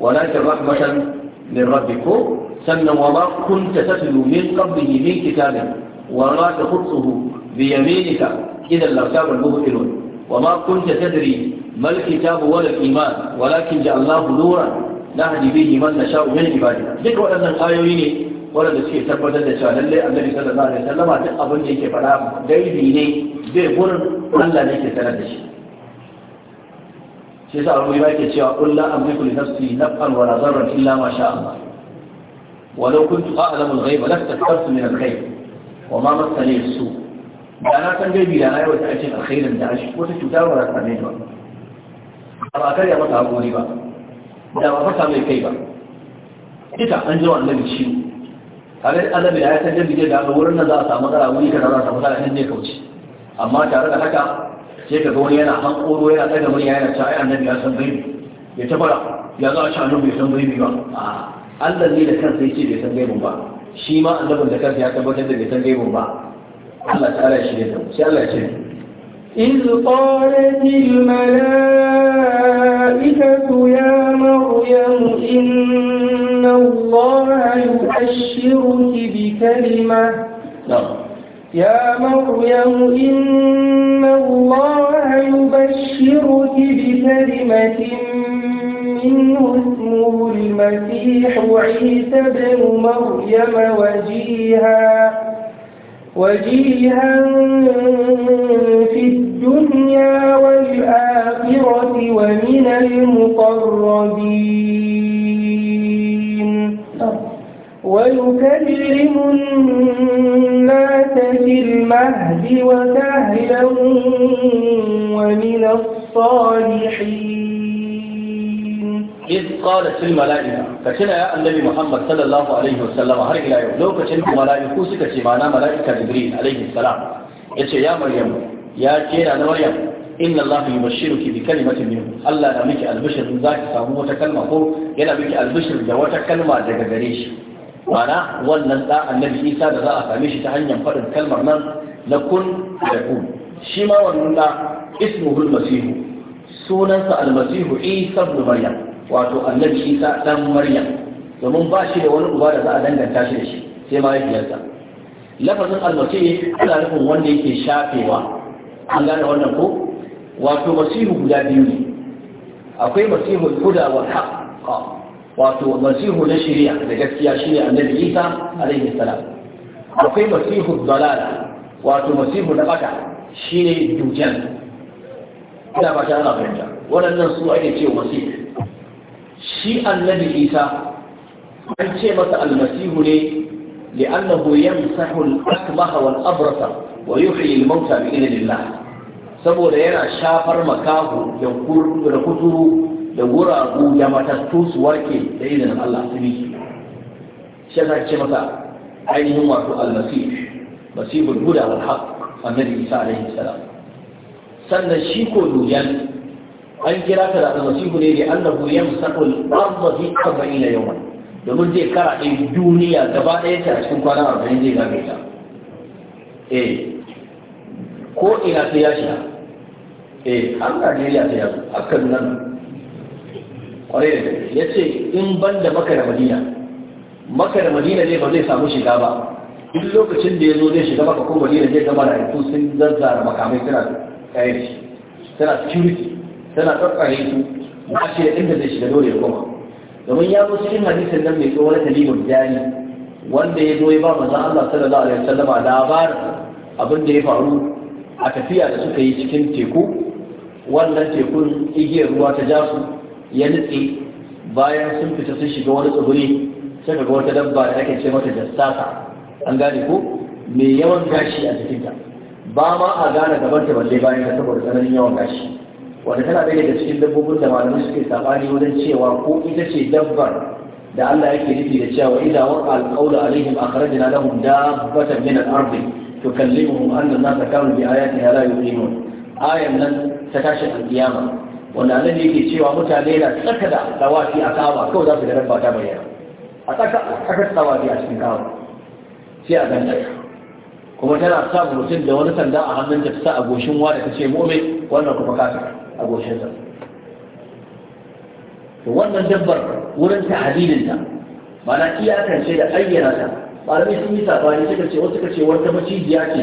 ولكن رحمة من ربكم sannan wa ma kunta tatlu min qablihi min kitabin wa ma takhutsuhu bi yaminika idan la sabal mubtilun wa ma kunta tadri mal kitabu wala iman walakin ja'alnahu nuran nahdi bihi man nasha'u min ibadina duk waɗannan ayoyi ne wadanda suke tabbatar da cewa lallai annabi sallallahu alaihi wasallam duk abin da yake faɗa daidai ne bai gurin Allah ne ke sanar da shi sai sa abu ya ke cewa kullu amliku li nafsi naf'an wa la darran illa ma sha'a Allah ولو كنت أعلم الغيب لاستكثرت من الخير وما مسني السوء da na san gaibi da na yi wata aikin alkhairin da shi wata cuta ba da same ba a ba karya masa hakuri ba da ba fasa mai kai ba ita an ji wa annabi ciwo A da annabi da ya san gaibi da wurin nan za a samu matsala wuri kaza za a samu matsala in kauce amma da haka sai wani yana hankoro yana tsaga murya yana cewa ya san ya ya a ci san ba Allah ne da kansa yace bai san gaibin ba shi ma annabin da kansa ya tabbatar da bai san gaibin ba Allah ta'ala shi ne sai Allah ya ce إذ قالت الملائكة يا مريم إن الله يبشرك بكلمة يا مريم إن الله يبشرك بكلمة منه اسمه المسيح عيسى بن مريم وجيها وجيها في الدنيا والآخرة ومن المقربين ويكلم الناس في المهد وكهلا ومن الصالحين إذ قالت الملائكة فكنا يا النبي محمد صلى الله عليه وسلم هر إلى يوم لو كتن ملائكة سكتي معنا ملائكة جبريل عليه السلام يتي يا مريم يا كيرا مريم إن الله يبشرك بكلمة منه الله نمك البشر من ذاك سامو وتكلمة هو ينمك البشر دا وتكلمة دا قريش وانا ولن دا النبي إيسا دا أفهمش تهنيا فرد كلمة من لكن يكون شما وننا اسمه المسيح سنة المسيح عيسى بن مريم wato annabi isa dan maryam domin ba shi da wani uba da za a danganta shi da shi sai mahaifiyarsa lafazin almasi ana nufin wanda yake shafewa an gane wannan ko wato masihu guda biyu ne akwai masihu huda wa haqqa wato masihu na shari'a da gaskiya shine annabi isa alaihi salam akwai masihu dalal wato masihu na bata shine dujal ina ba ta ana fahimta waɗannan su ake cewa masihu shi annabi isa an ce masa almasihu ne li'annahu yamsahu al-akmaha wal abrasa wa yuhyi al-mauta bi idnillah saboda yana shafar makahu da kuturu da guragu da matattu su wake da idan Allah su bi shi ce masa ainihin wato al-masih masihul huda wal haqq annabi isa alaihi salam sannan shi ko dujan an kira ka da almasihu ne da annahu yamsaqul arda fi 40 yawman domin zai kara ɗin duniya gaba ɗaya ta cikin kwana 40 zai gabe ta eh ko ina sai ya shiga eh an ga ne ya zo a kan nan kwarai da ya ce in ban da maka da madina maka da madina ne ba zai samu shiga ba duk lokacin da ya zo zai shiga maka kuma madina zai gama da sun zazzara makamai tana kayan shi tana security tana tsakkare su na ce inda zai shiga dole ya koma domin ya zo cikin hadisin nan mai tsohon talibin jani wanda ya zo ya ba manzon Allah sallallahu alaihi wasallam labarin abin da ya faru a tafiya da suka yi cikin teku wannan tekun igiyar ruwa ta ja su ya nutse bayan sun fita sun shiga wani tsibiri sai ga wata dabba da ake ce mata jassasa an gane ko mai yawan gashi a jikinta ba ma a gane gaban balle bayan ta saboda tsananin yawan gashi wanda tana ɗaya daga cikin dabbobin da malamai suke sabani wajen cewa ko ita ce dabbar da Allah yake nufi da cewa idza waqa al-qawlu alaihim akhrajna lahum dabbatan min al-ardi tukallimuhum anna an-nasa kanu bi ayatina la yuqinun ayan nan ta tashi al-qiyama wanda Allah yake cewa mutane na tsaka da tawafi a kawa kawai za su ga rabba ta bayyana a tsaka a tsaka tawafi a cikin kawa sai a ganta kuma tana sa mutum da wani sanda a hannun ta sa a goshin wa da ta ce mu'min wannan kuma kafir a goshinsa to wannan dabbar wurin tahalilinta mana iyakance da ayyana ta malamai sun yi safari suka ce wasu suka ce wata macijiya ce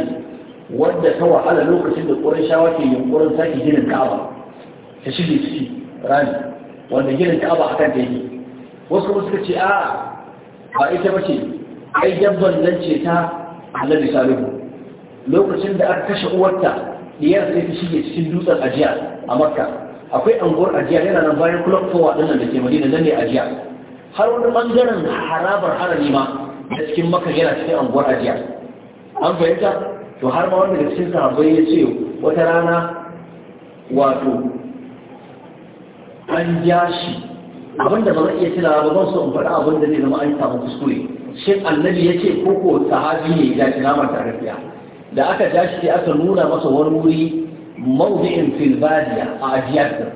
wadda ta wahala lokacin da ƙorin shawa ke yunƙurin sake ginin ka'aba ta shirya ciki rani, wanda ginin ka'aba a kan ta yi wasu kuma suka ce a ba ita ba ce ai dabban nan ce ta halar da salihu lokacin da aka kashe uwarta diyar sai ta shige cikin dutsen ajiya a makka akwai anguwar ajiya yana nan bayan kulak fowa din nan da ke madina nan ne ajiya har wani bangaren harabar harami ma da cikin makka yana cikin anguwar ajiya an fahimta to har ma wanda daga cikin sahabbai ya ce wata rana wato an ja shi abinda ba zan iya tunawa ba zan so in faɗa abinda zai zama an samu kuskure shin annabi ya ce ko ko sahabi ne ya ci namar ta gaskiya da aka tashi sai aka nuna masa wani wuri mawdi'in fil badiya a ajiyar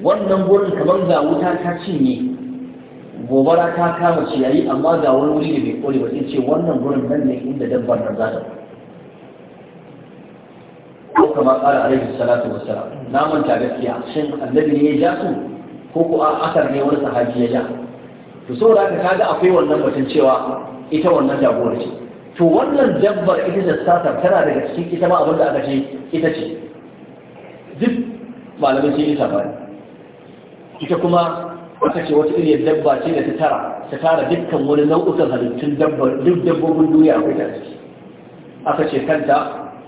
wannan gurin kamar ga wuta ta cinye gobara ta kama ciyayi amma ga wani wuri da bai kore ba sai ce wannan gurin nan ne inda dabbar nan za ta ko kamar ƙara alaihi salatu wassalam na manta gaskiya shin annabi ne ya ja su ko ko a akar ne wani sahaji ya ja to saboda haka kaga akwai wannan batun cewa ita wannan jagorar ce to wannan dabbar ita da satar tana daga cikin ita ma abinda aka ce ita ce duk malamin sun yi sabani ita kuma aka ce wata iriyar dabba ce da ta tara ta tara dukkan wani nau'ukan halittun dabbar duk dabbobin duniya akwai ta ciki aka ce kanta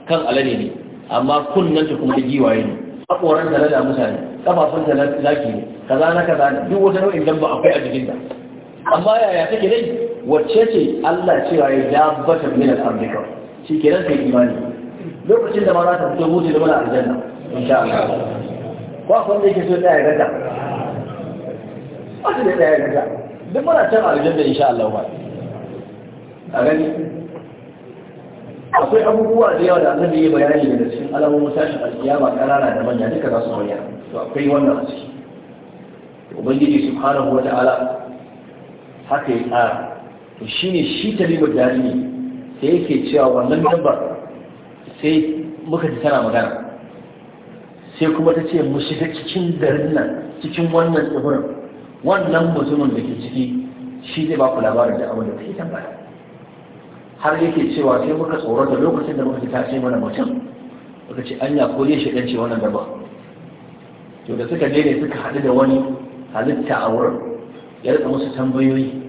kan alade ne amma ta kuma da giwaye ne hakoran da na mutane kafafun da zaki ne kaza na kaza duk wata nau'in dabba akwai a jikinta. amma yaya take dai wacce ce Allah cewa ya dabbata min al-ardi shi kenan sai imani lokacin da ma za ta fito mutu da mana aljanna insha Allah ko akwai wanda yake so tsaya ya gata wasu da tsaya ya duk mana can aljanna insha Allah ba a gani akwai abubuwa da yawa da annabi ya bayani da cikin alamomin tashin alkiyama kanana da manya duka za su bayyana to akwai wannan a ciki ubangiji subhanahu wa ta'ala haka ya tsara to shi ne shi tabibu ne sai yake cewa wannan dabbar sai muka ji tana magana sai kuma ta ce mu shiga cikin garin nan cikin wannan tsibirin wannan mutumin da ke ciki shi zai ba ku labarin da abin da take tambaya har yake cewa sai muka tsorata lokacin da muka ji ta ce mana mutum muka ce anya ko zai shigan ce wannan dabba to da suka daidai ne suka haɗu da wani halitta a wurin ya rika musu tambayoyi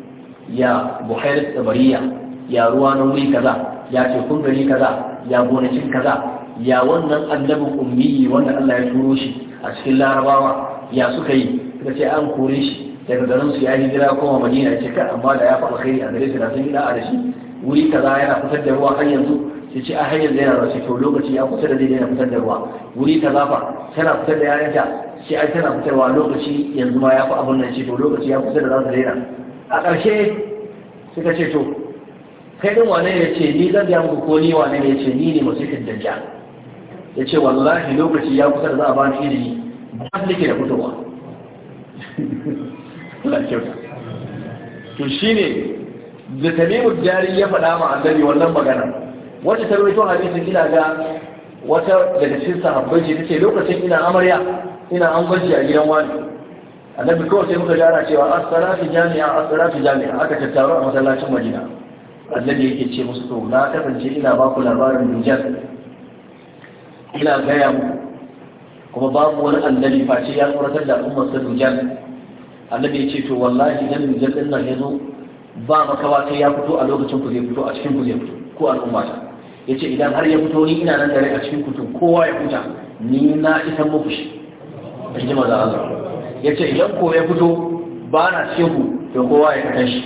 ya buhairar tsibiriya ya ruwa na wuri kaza ya tekun gari kaza ya gonakin kaza ya wannan annabin ummiyi wanda Allah ya turo shi a cikin larabawa ya suka yi suka ce an kore shi daga garin su ya yi jira kuma madina ya ce kai amma da ya faɗa kai a gare su da sun yi da'a da shi wuri kaza yana fitar da ruwa har yanzu su ce a har yanzu yana rasu to lokaci ya kusa da zai daina fitar da ruwa wuri kaza fa tana fitar da yayanta sai ai tana fitarwa lokaci yanzu ma ya fi abin nan ce to lokaci ya kusa da za su daina a ƙarshe suka ce to kai din wane ya ce ni zan biya muku ko ni wane ya ce ni ne masifin dajjal ya ce wallahi lokaci ya kusa da za a ba ni ne ba su nake da fitowa to shi ne da tamimu jari ya faɗa ma annabi wannan magana wacce ta rawaito hadisin ina ga wata daga cikin sahabbai ce lokacin ina amarya ina an gwaji a gidan wani annabi kawai sai muka gara cewa as-salatu jami'a as-salatu jami'a aka tattaru a masallacin Madina annabi yake ce musu to na kasance ina ba ku labarin Dujjal ina gaya mu kuma babu wani annabi face ya tsoratar da al'ummar sa Dujjal annabi ya ce to wallahi idan Dujjal din nan ya zo ba makawa sai ya fito a lokacin ku zai fito a cikin ku zai fito ko al'umma ta yace idan har ya fito ni ina nan rai a cikin ku to kowa ya fita ni na isan muku shi in ji maza Allah ya ce idan ko ya fito ba na shehu da kowa ya kaka shi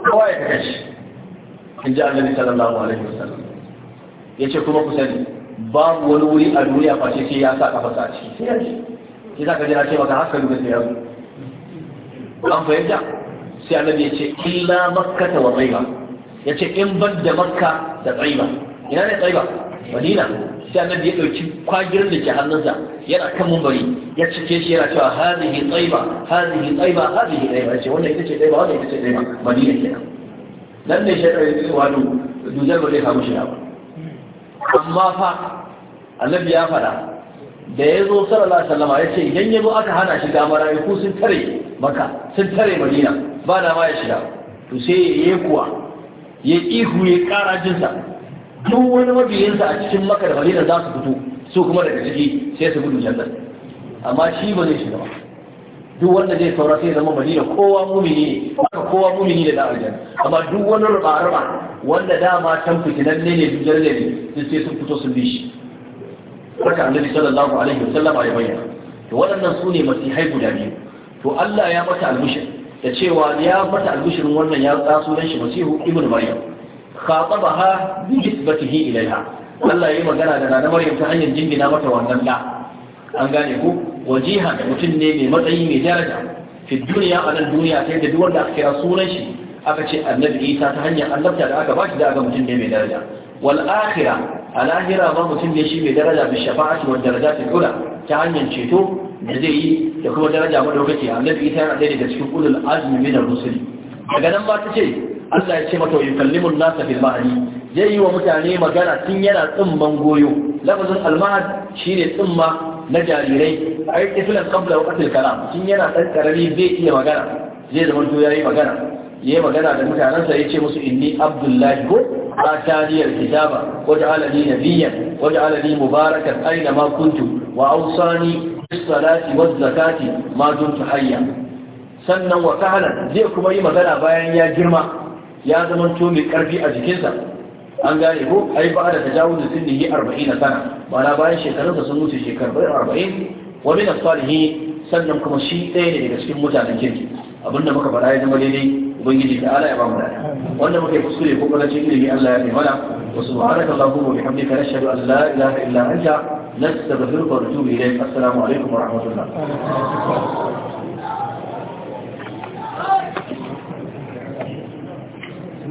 kowa ya kaka shi in ji annabi sallallahu alaihi wasallam ya ce kuma ku sani mu wani wuri a duniya face sai ya sa kafa sa ciki sai ya ce ki za ka ce maka haka duka sai ya zo an fahimta sai annabi ya ce illa makka ta wa tsaiba ya ce in ban da makka da tsaiba ina ne tsaiba madina sai annabi ya dauki kwagirin da ke hannunsa yana kan mumbari ya cike shi yana cewa hadhihi tsaiba hadhihi tsaiba hadhihi tsaiba ce wannan ita ce tsaiba wannan ita ce tsaiba madina kenan dan ne shi ɗaya wato duzar ba zai samu shi ba amma fa annabi ya fada da ya zo sallallahu alaihi wasallam ya ce idan yazo aka hana shi dama rayuku sun tare maka sun tare madina ba da ma ya shiga to sai ya yi kuwa ya ihu ya ƙara jinsa duk wani mabiyinsa a cikin maka da madina za su fito su kuma daga ciki sai su gudu jannar amma shi ba zai shiga ba duk wanda zai saura sai zama madina kowa mumini ne haka kowa mumini da za a jannar amma duk wani ruba wanda dama can fitinan ne ne dujar ne duk sai sun fito sun bi shi haka annabi sallallahu alaihi wa sallam ya bayyana to waɗannan su ne masihai guda biyu to Allah ya mata albishir da cewa ya mata albishirin wannan ya tsaso dan shi masihu ibnu maryam khatabaha bi nisbatihi ilaiha Allah yayi magana da na Maryam ta hanyar jingina mata wannan da an gane ku wajiha mutum ne mai matsayi mai daraja fi duniya a nan duniya sai da duk wanda aka kira sunan shi aka ce annabi Isa ta hanyar annabta da aka ba shi da aka mutum ne mai daraja wal akhirah al akhirah ma mutum ne shi mai daraja bi shafa'ati wa ta ula ta hanyar ceto da zai yi da kuma daraja madaukaki annabi Isa yana ɗaya daga cikin ulul azmi min ar-rusuli daga nan ba ta ce Allah ya ce mata wa yukallimu nasa fil mahdi zai yi wa mutane magana tun yana tsimman goyo lafazin almahad mahd shine tsimma na jarirai ai islan kabla waqtil kalam tun yana dan karami zai iya magana zai zama to yayi magana yayi magana da ya yace musu inni abdullahi ko A al-kitaba waj'alani nabiyyan waj'alani mubarakan aina ma kuntu wa awsani bis-salati zakati ma dumtu hayya sannan wa kahanan zai kuma yi magana bayan ya girma ya zama to mai karfi a jikinsa an gane ko ai ba da tajawuzin arba'in 40 sana bana bayan shekarunsa sun wuce shekaru 40 wa min as-salihin sannan kuma shi ɗaya ne daga cikin mutanen kirki abinda muka faɗa ya zama daidai ubangiji da ala ya ba mu da wanda muka yi kuskure ko kuma cikin ilimi Allah ya kai mana wa subhanaka allahumma wa bihamdika nashhadu an la ilaha illa anta nastaghfiruka wa natubu ilayk assalamu alaikum wa rahmatullah